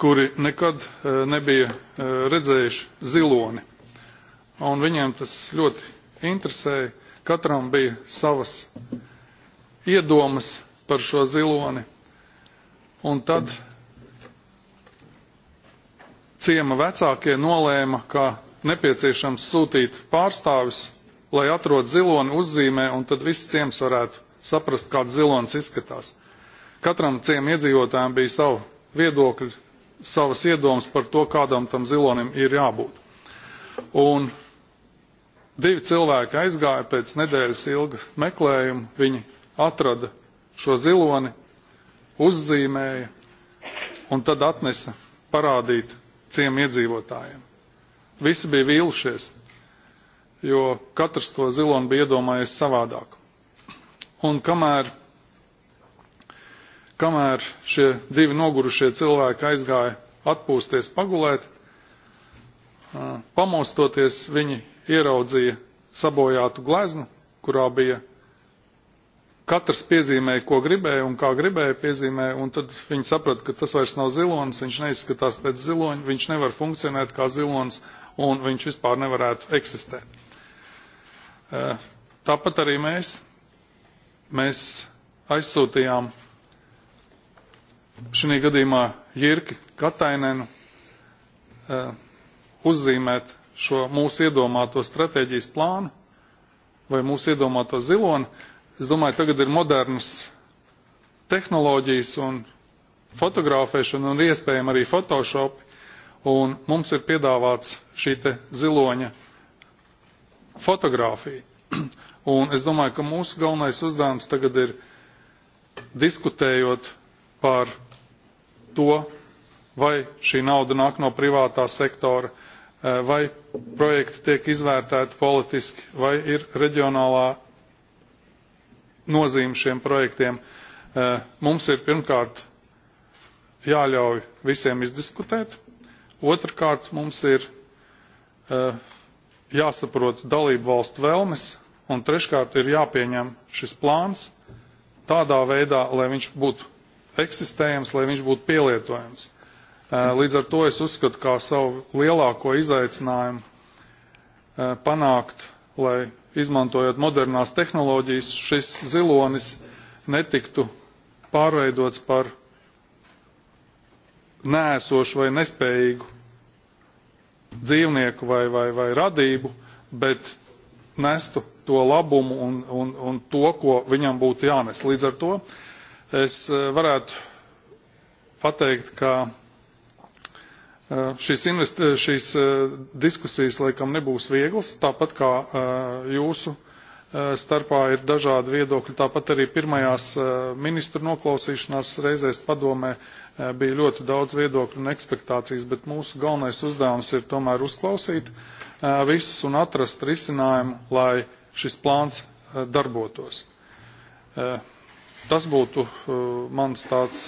kuri nekad nebija redzējuši ziloni. Un viņiem tas ļoti interesēja, Katram bija savas iedomas par šo ziloni. Un tad ciema vecākie nolēma, ka nepieciešams sūtīt pārstāvis, lai atrod ziloni uzzīmē, un tad viss ciems varētu saprast, kāds zilons izskatās. Katram ciem iedzīvotājiem bija savu viedokļu, savas iedomas par to, kādam tam zilonim ir jābūt. Un Divi cilvēki aizgāja pēc nedēļas ilga meklējuma. Viņi atrada šo ziloni, uzzīmēja un tad atnesa parādīt ciem iedzīvotājiem. Visi bija vīlušies, jo katrs to ziloni bija iedomājies savādāk. Un kamēr, kamēr šie divi nogurušie cilvēki aizgāja atpūsties, pagulēt, Ah. pamostoties viņi ieraudzīja sabojātu gleznu, kurā bija katrs piezīmēja, ko gribēja un kā gribēja piezīmēja, un tad viņi saprata, ka tas vairs nav zilonis, viņš neizskatās pēc ziloņa, viņš nevar funkcionēt kā zilonis, un viņš vispār nevarētu eksistēt. Eh, tāpat arī mēs, mēs aizsūtījām šī gadījumā Jirki Katainenu, eh, uzzīmēt šo mūsu iedomāto stratēģijas plānu vai mūsu iedomāto ziloni. Es domāju, tagad ir modernas tehnoloģijas un fotografēšana un iespējama arī Photoshop. Un mums ir piedāvāts šī te ziloņa fotografija. Un es domāju, ka mūsu galvenais uzdevums tagad ir diskutējot par to, vai šī nauda nāk no privātā sektora, Eh, vai projekts tiek izvērtēti politiski, vai ir reģionālā nozīme šiem projektiem. Eh, mums ir pirmkārt jāļauj visiem izdiskutēt, otrkārt mums ir eh, jāsaprot dalību valstu vēlmes, un treškārt ir jāpieņem šis plāns tādā veidā, lai viņš būtu eksistējams, lai viņš būtu pielietojams Eh, līdz ar to es uzskatu kā savu lielāko izaicinājumu eh, panākt, lai izmantojot modernās tehnoloģijas, šis zilonis netiktu pārveidots par nēsošu vai nespējīgu dzīvnieku vai, vai, vai radību, bet nestu to labumu un, un, un to, ko viņam būtu jānes. Līdz ar to es eh, varētu pateikt, ka Eh, šīs, eh, šīs eh, diskusijas laikam nebūs vieglas, tāpat kā jūsu starpā ir dažādi viedokļi, tāpat arī pirmajās ministru noklausīšanās reizēs padomē bija ļoti daudz viedokļu un ekspektācijas, bet mūsu galvenais uzdevums ir tomēr uzklausīt visus un atrast risinājumu, lai šis plāns darbotos. Tas būtu mans tāds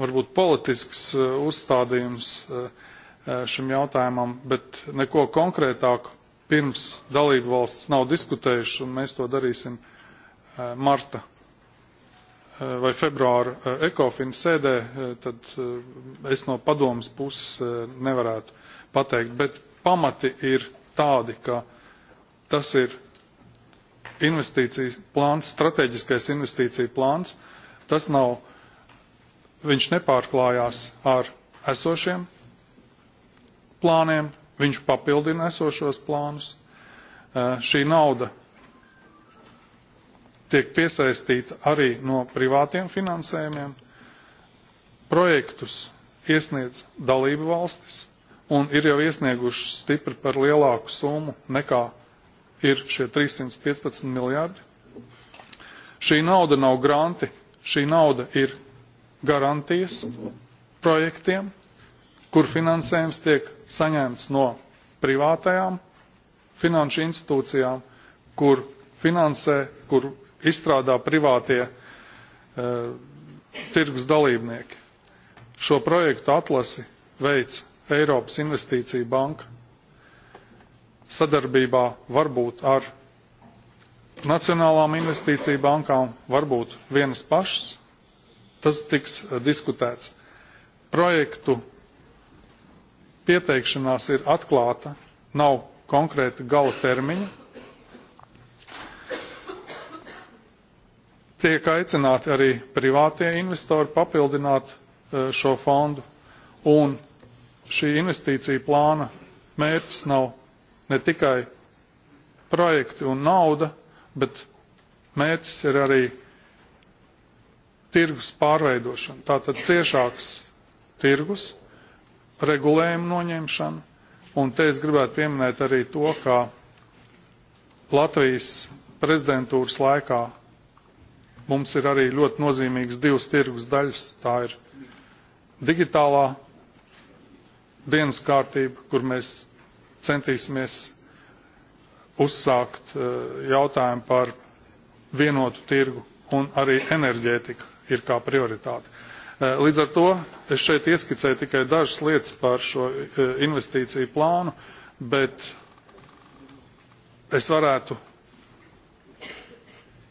varbūt politisks eh, uzstādījums eh, eh, šim jautājumam, bet neko konkrētāku pirms dalību valsts nav diskutējuši, un mēs to darīsim marta vai februāra ekofin sēdē, tad es no padomas puses nevarētu pateikt, bet pamati ir tādi, ka tas ir investīcijas plāns, strateģiskais investīcija plāns, tas nav viņš nepārklājās ar esošiem plāniem, viņš papildina esošos plānus. Eh, šī nauda tiek piesaistīta arī no privātiem finansējumiem. Projektus iesniedz dalību valstis un ir jau iesnieguši stipri par lielāku summu nekā ir šie 315 miljardi. Šī nauda nav granti, šī nauda ir garantijas projektiem, kur finansējums tiek saņemts no privātajām finanšu institūcijām, kur finansē, kur izstrādā privātie e, tirgus dalībnieki. Šo projektu atlasi veids Eiropas Investīcija banka sadarbībā varbūt ar Nacionālām investīciju bankām, varbūt vienas pašas tas tiks eh, diskutēts. Projektu pieteikšanās ir atklāta, nav konkrēta gala termiņa. Tiek aicināti arī privātie investori papildināt eh, šo fondu, un šī investīcija plāna mērķis nav ne tikai projekti un nauda, bet mērķis ir arī tirgus pārveidošana, tātad ciešāks tirgus, regulējumu noņemšana, un te es gribētu pieminēt arī to, ka Latvijas prezidentūras laikā mums ir arī ļoti nozīmīgas divas tirgus daļas. Tā ir digitālā dienas kārtība, kur mēs centīsimies uzsākt eh, jautājumu par vienotu tirgu un arī enerģētika, ir kā prioritāte. Eh, līdz ar to es šeit ieskicēju tikai dažas lietas par šo eh, investīciju plānu, bet es varētu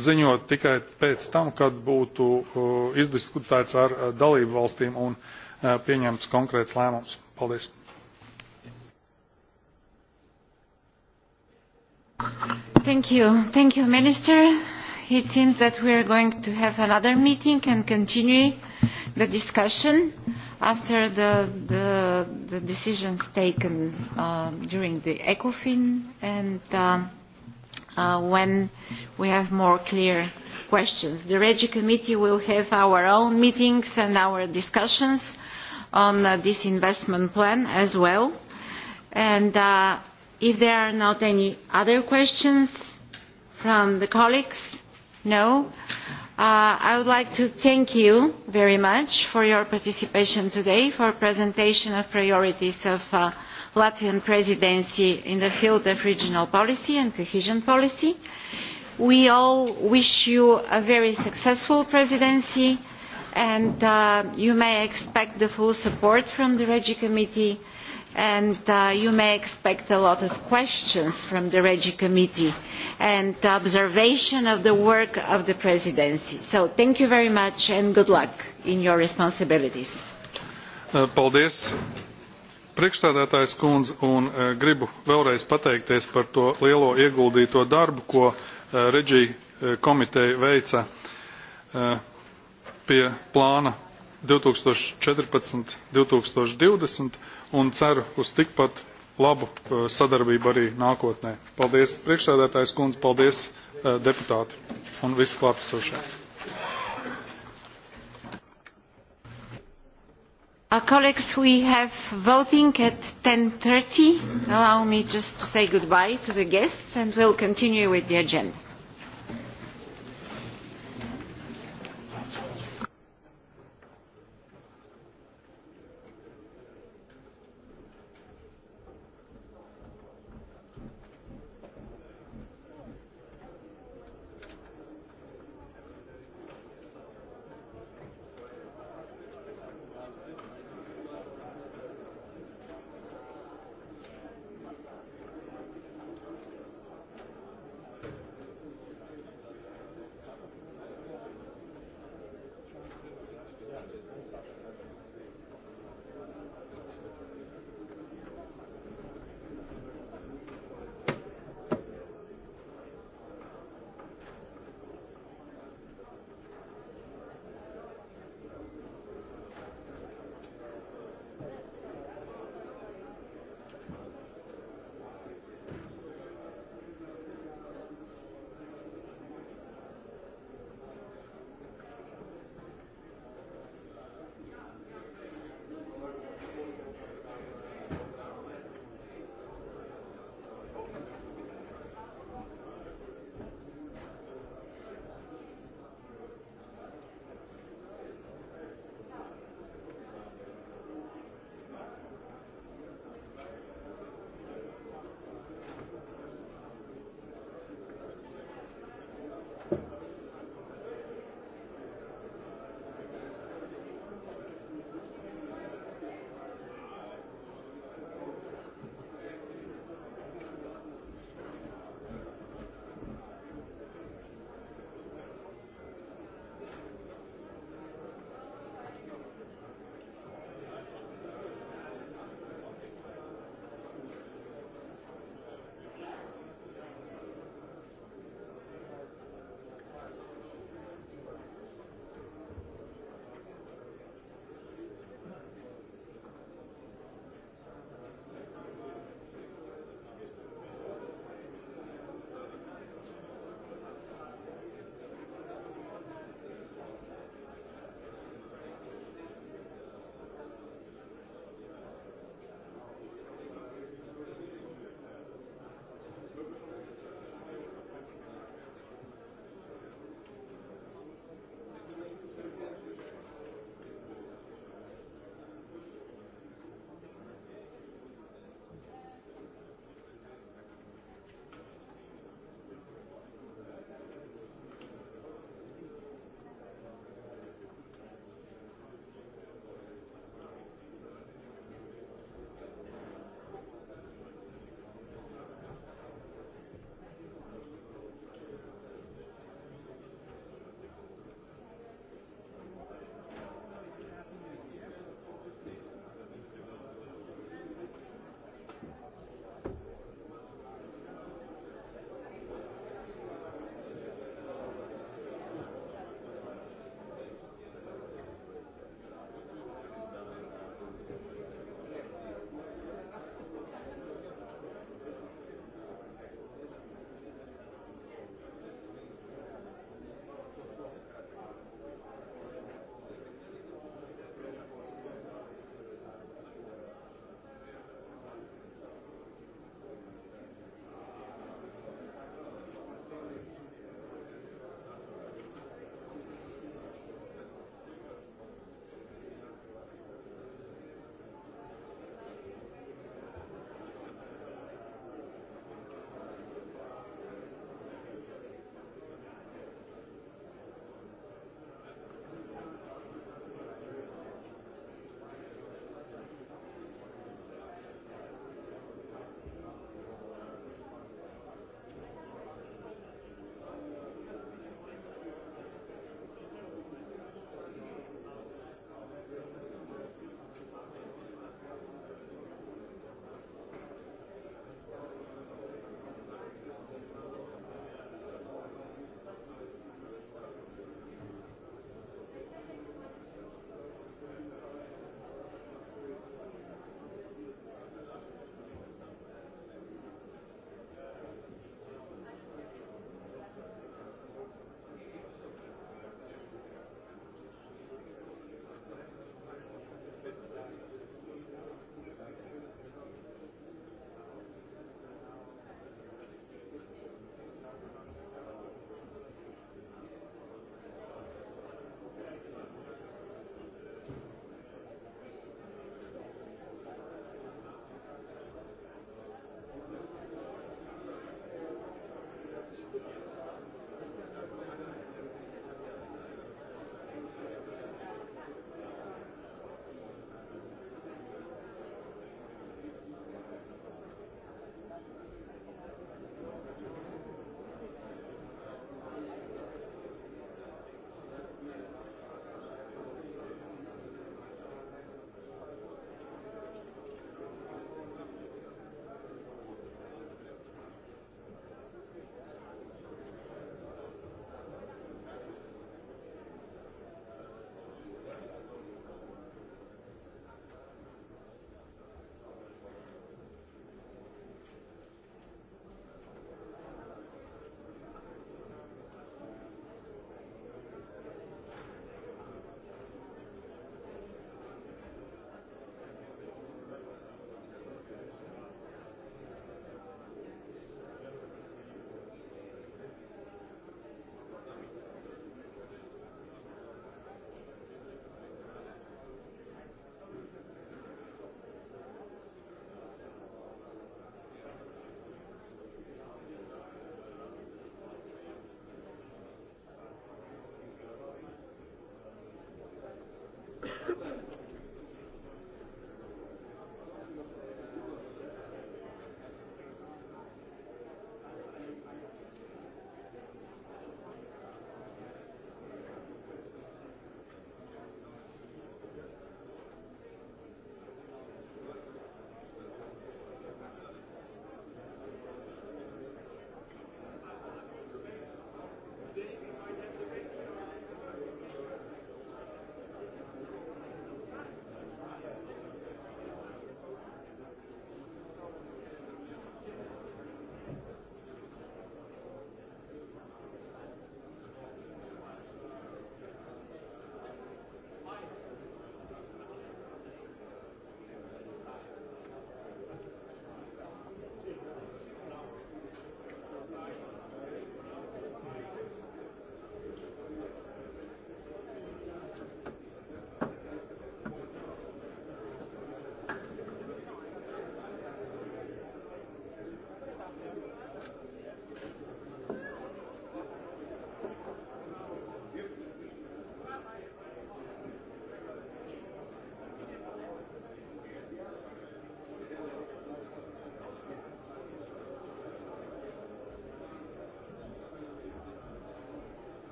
ziņot tikai pēc tam, kad būtu eh, izdiskutēts ar dalību valstīm un pieņemts konkrēts lēmums. Paldies. Thank you. Thank you, Minister it seems that we are going to have another meeting and continue the discussion after the, the, the decisions taken uh, during the ECOFIN and uh, uh, when we have more clear questions. The REGI committee will have our own meetings and our discussions on uh, this investment plan as well. And uh, if there are not any other questions from the colleagues, No? Uh, I would like to thank you very much for your participation today, for presentation of priorities of uh, Latvian presidency in the field of regional policy and cohesion policy. We all wish you a very successful presidency and uh, you may expect the full support from the Regi Committee and uh, you may expect a lot of questions from the regi committee and observation of the work of the presidency so thank you very much and good luck in your responsibilities uh, Paldies kundze un uh, gribu vēlreiz pateikties par to lielo ieguldīto darbu, ko komiteja veica pie plāna 2014-2020 un ceru uz tikpat labu eh, sadarbību arī nākotnē. Paldies priekšsēdētājs kundze, paldies eh, deputāti un visi klātesošie. Our uh, colleagues, we have voting at 10.30. Allow me just to say goodbye to the guests and we'll continue with the agenda.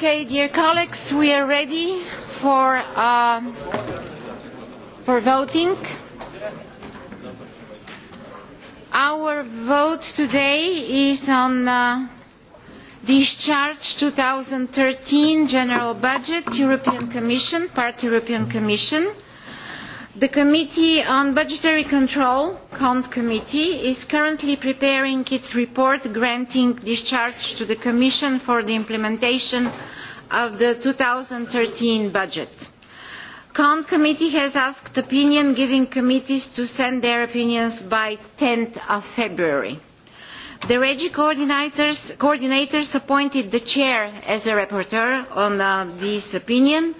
Okay, dear colleagues, we are ready for, uh, for voting. Our vote today is on uh, discharge 2013 general budget, European Commission, part European Commission. The Committee on Budgetary Control, CONT Committee, is currently preparing its report granting discharge to the Commission for the implementation of of the 2013 budget. Cont committee has asked opinion giving committees to send their opinions by 10th of February. The Regi coordinators, coordinators appointed the chair as a rapporteur on uh, this opinion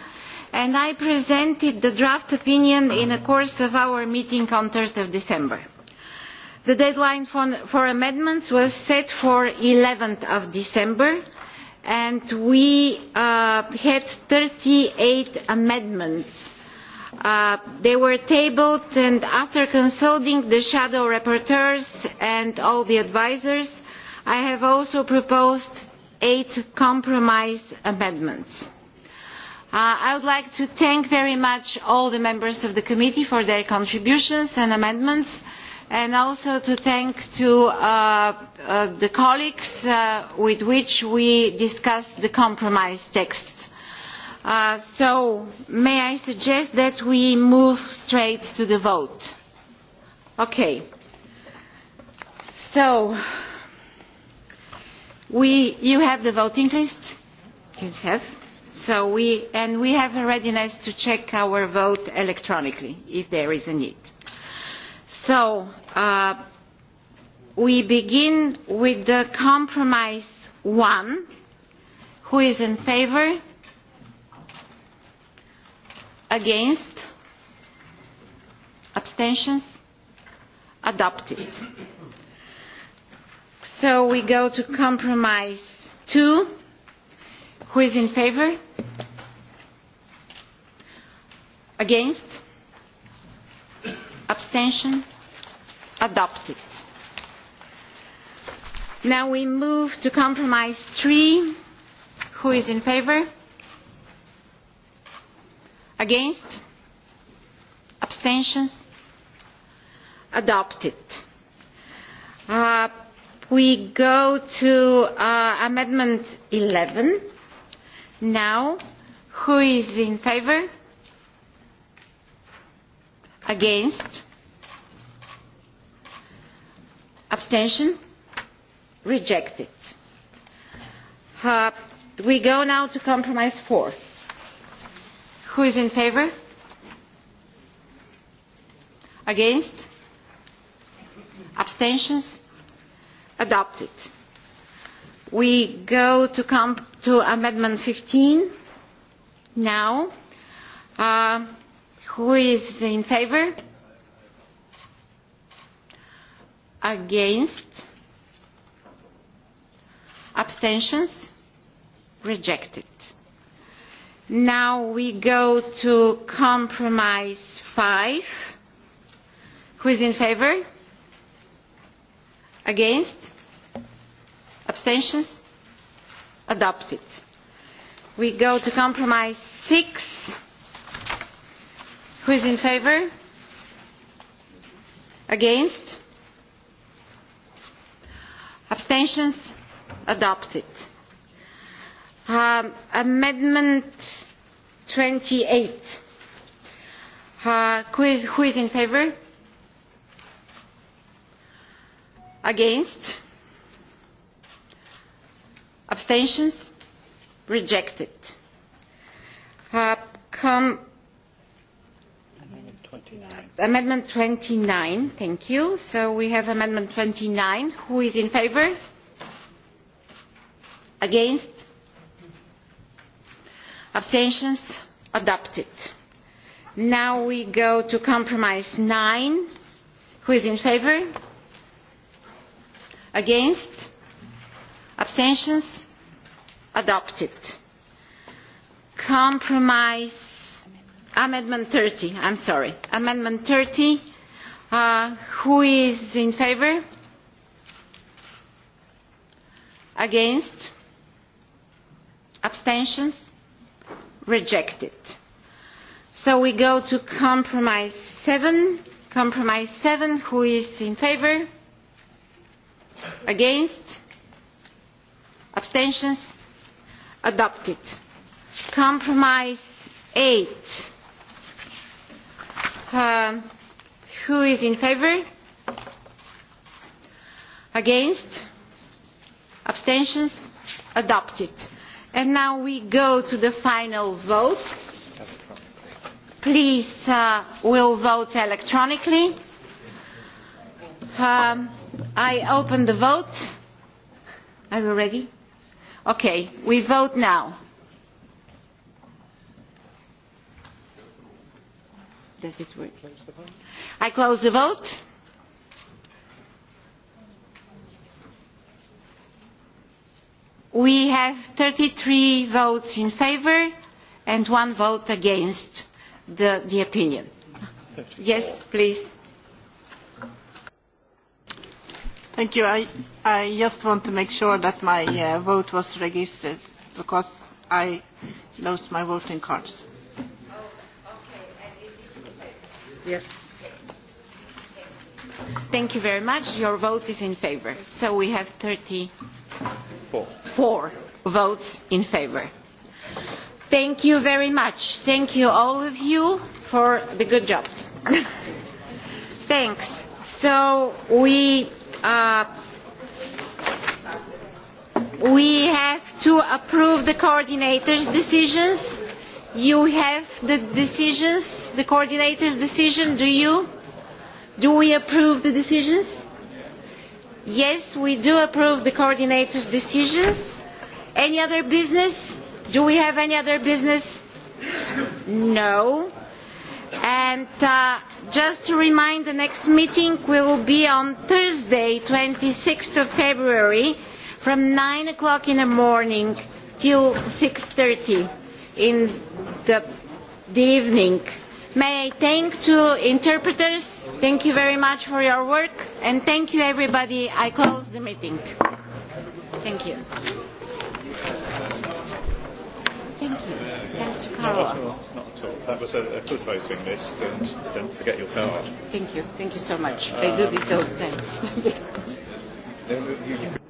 and I presented the draft opinion in the course of our meeting on 3rd of December. The deadline for, for amendments was set for 11th of December and we uh, had had 38 amendments. Uh, they were tabled and after consulting the shadow rapporteurs and all the advisers, I have also proposed eight compromise amendments. Uh, I would like to thank very much all the members of the committee for their contributions and amendments and also to thank to, uh, uh, the colleagues uh, with which we discussed the compromise text. Uh, so may I suggest that we move straight to the vote? Okay. So we, you have the voting list? You have. So we, and we have a readiness to check our vote electronically if there is a need. So uh, we begin with the compromise one. Who is in favor? Against? Abstentions? Adopted. So we go to compromise two. Who is in favor? Against? abstention adopted now we move to compromise 3 who is in favor against abstentions adopted uh, we go to uh, amendment 11 now who is in favor against abstention rejected uh, we go now to compromise four who is in favor against abstentions adopted we go to comp to amendment 15 now uh, Who is in favor? Against? Abstentions? Rejected. Now we go to compromise five. Who is in favor? Against? Abstentions? Adopted. We go to compromise six who is in favour against abstentions adopted um, amendment 28 uh, who, is, who is in favour against abstentions rejected uh, com amendment twenty nine thank you so we have amendment twenty nine who is in favour against abstentions adopted now we go to compromise nine who is in favour against abstentions adopted compromise amendment thirty i'm sorry amendment thirty uh, who is in favor against abstentions rejected so we go to compromise seven compromise seven who is in favor against abstentions adopted compromise eight Um, who is in favour? Against? Abstentions? Adopted. And now we go to the final vote. Please, uh, we'll vote electronically. Um, I open the vote. Are you ready? Okay, we vote now. Does it work? I close the vote. We have 33 votes in favour and one vote against the, the opinion. Yes, please. Thank you. I, I just want to make sure that my uh, vote was registered because I lost my voting cards. Yes. Thank you very much. Your vote is in favor. So we have 34 Four votes in favor. Thank you very much. Thank you all of you for the good job. Thanks. So we uh, we have to approve the coordinators' decisions you have the decisions, the coordinators' decision, do you? Do we approve the decisions? Yes, we do approve the coordinators' decisions. Any other business? Do we have any other business? No. And uh, just to remind, the next meeting will be on Thursday, 26th of February, from 9 o'clock in the morning till 6.30 in the, the evening. May I thank to interpreters. Thank you very much for your work. And thank you everybody. I close the meeting. Thank you. Thank you. Thanks to Carla. not at all. That was a, a good voting list, and don't forget your card. Thank you. Thank you so much. Um, I do this all the time.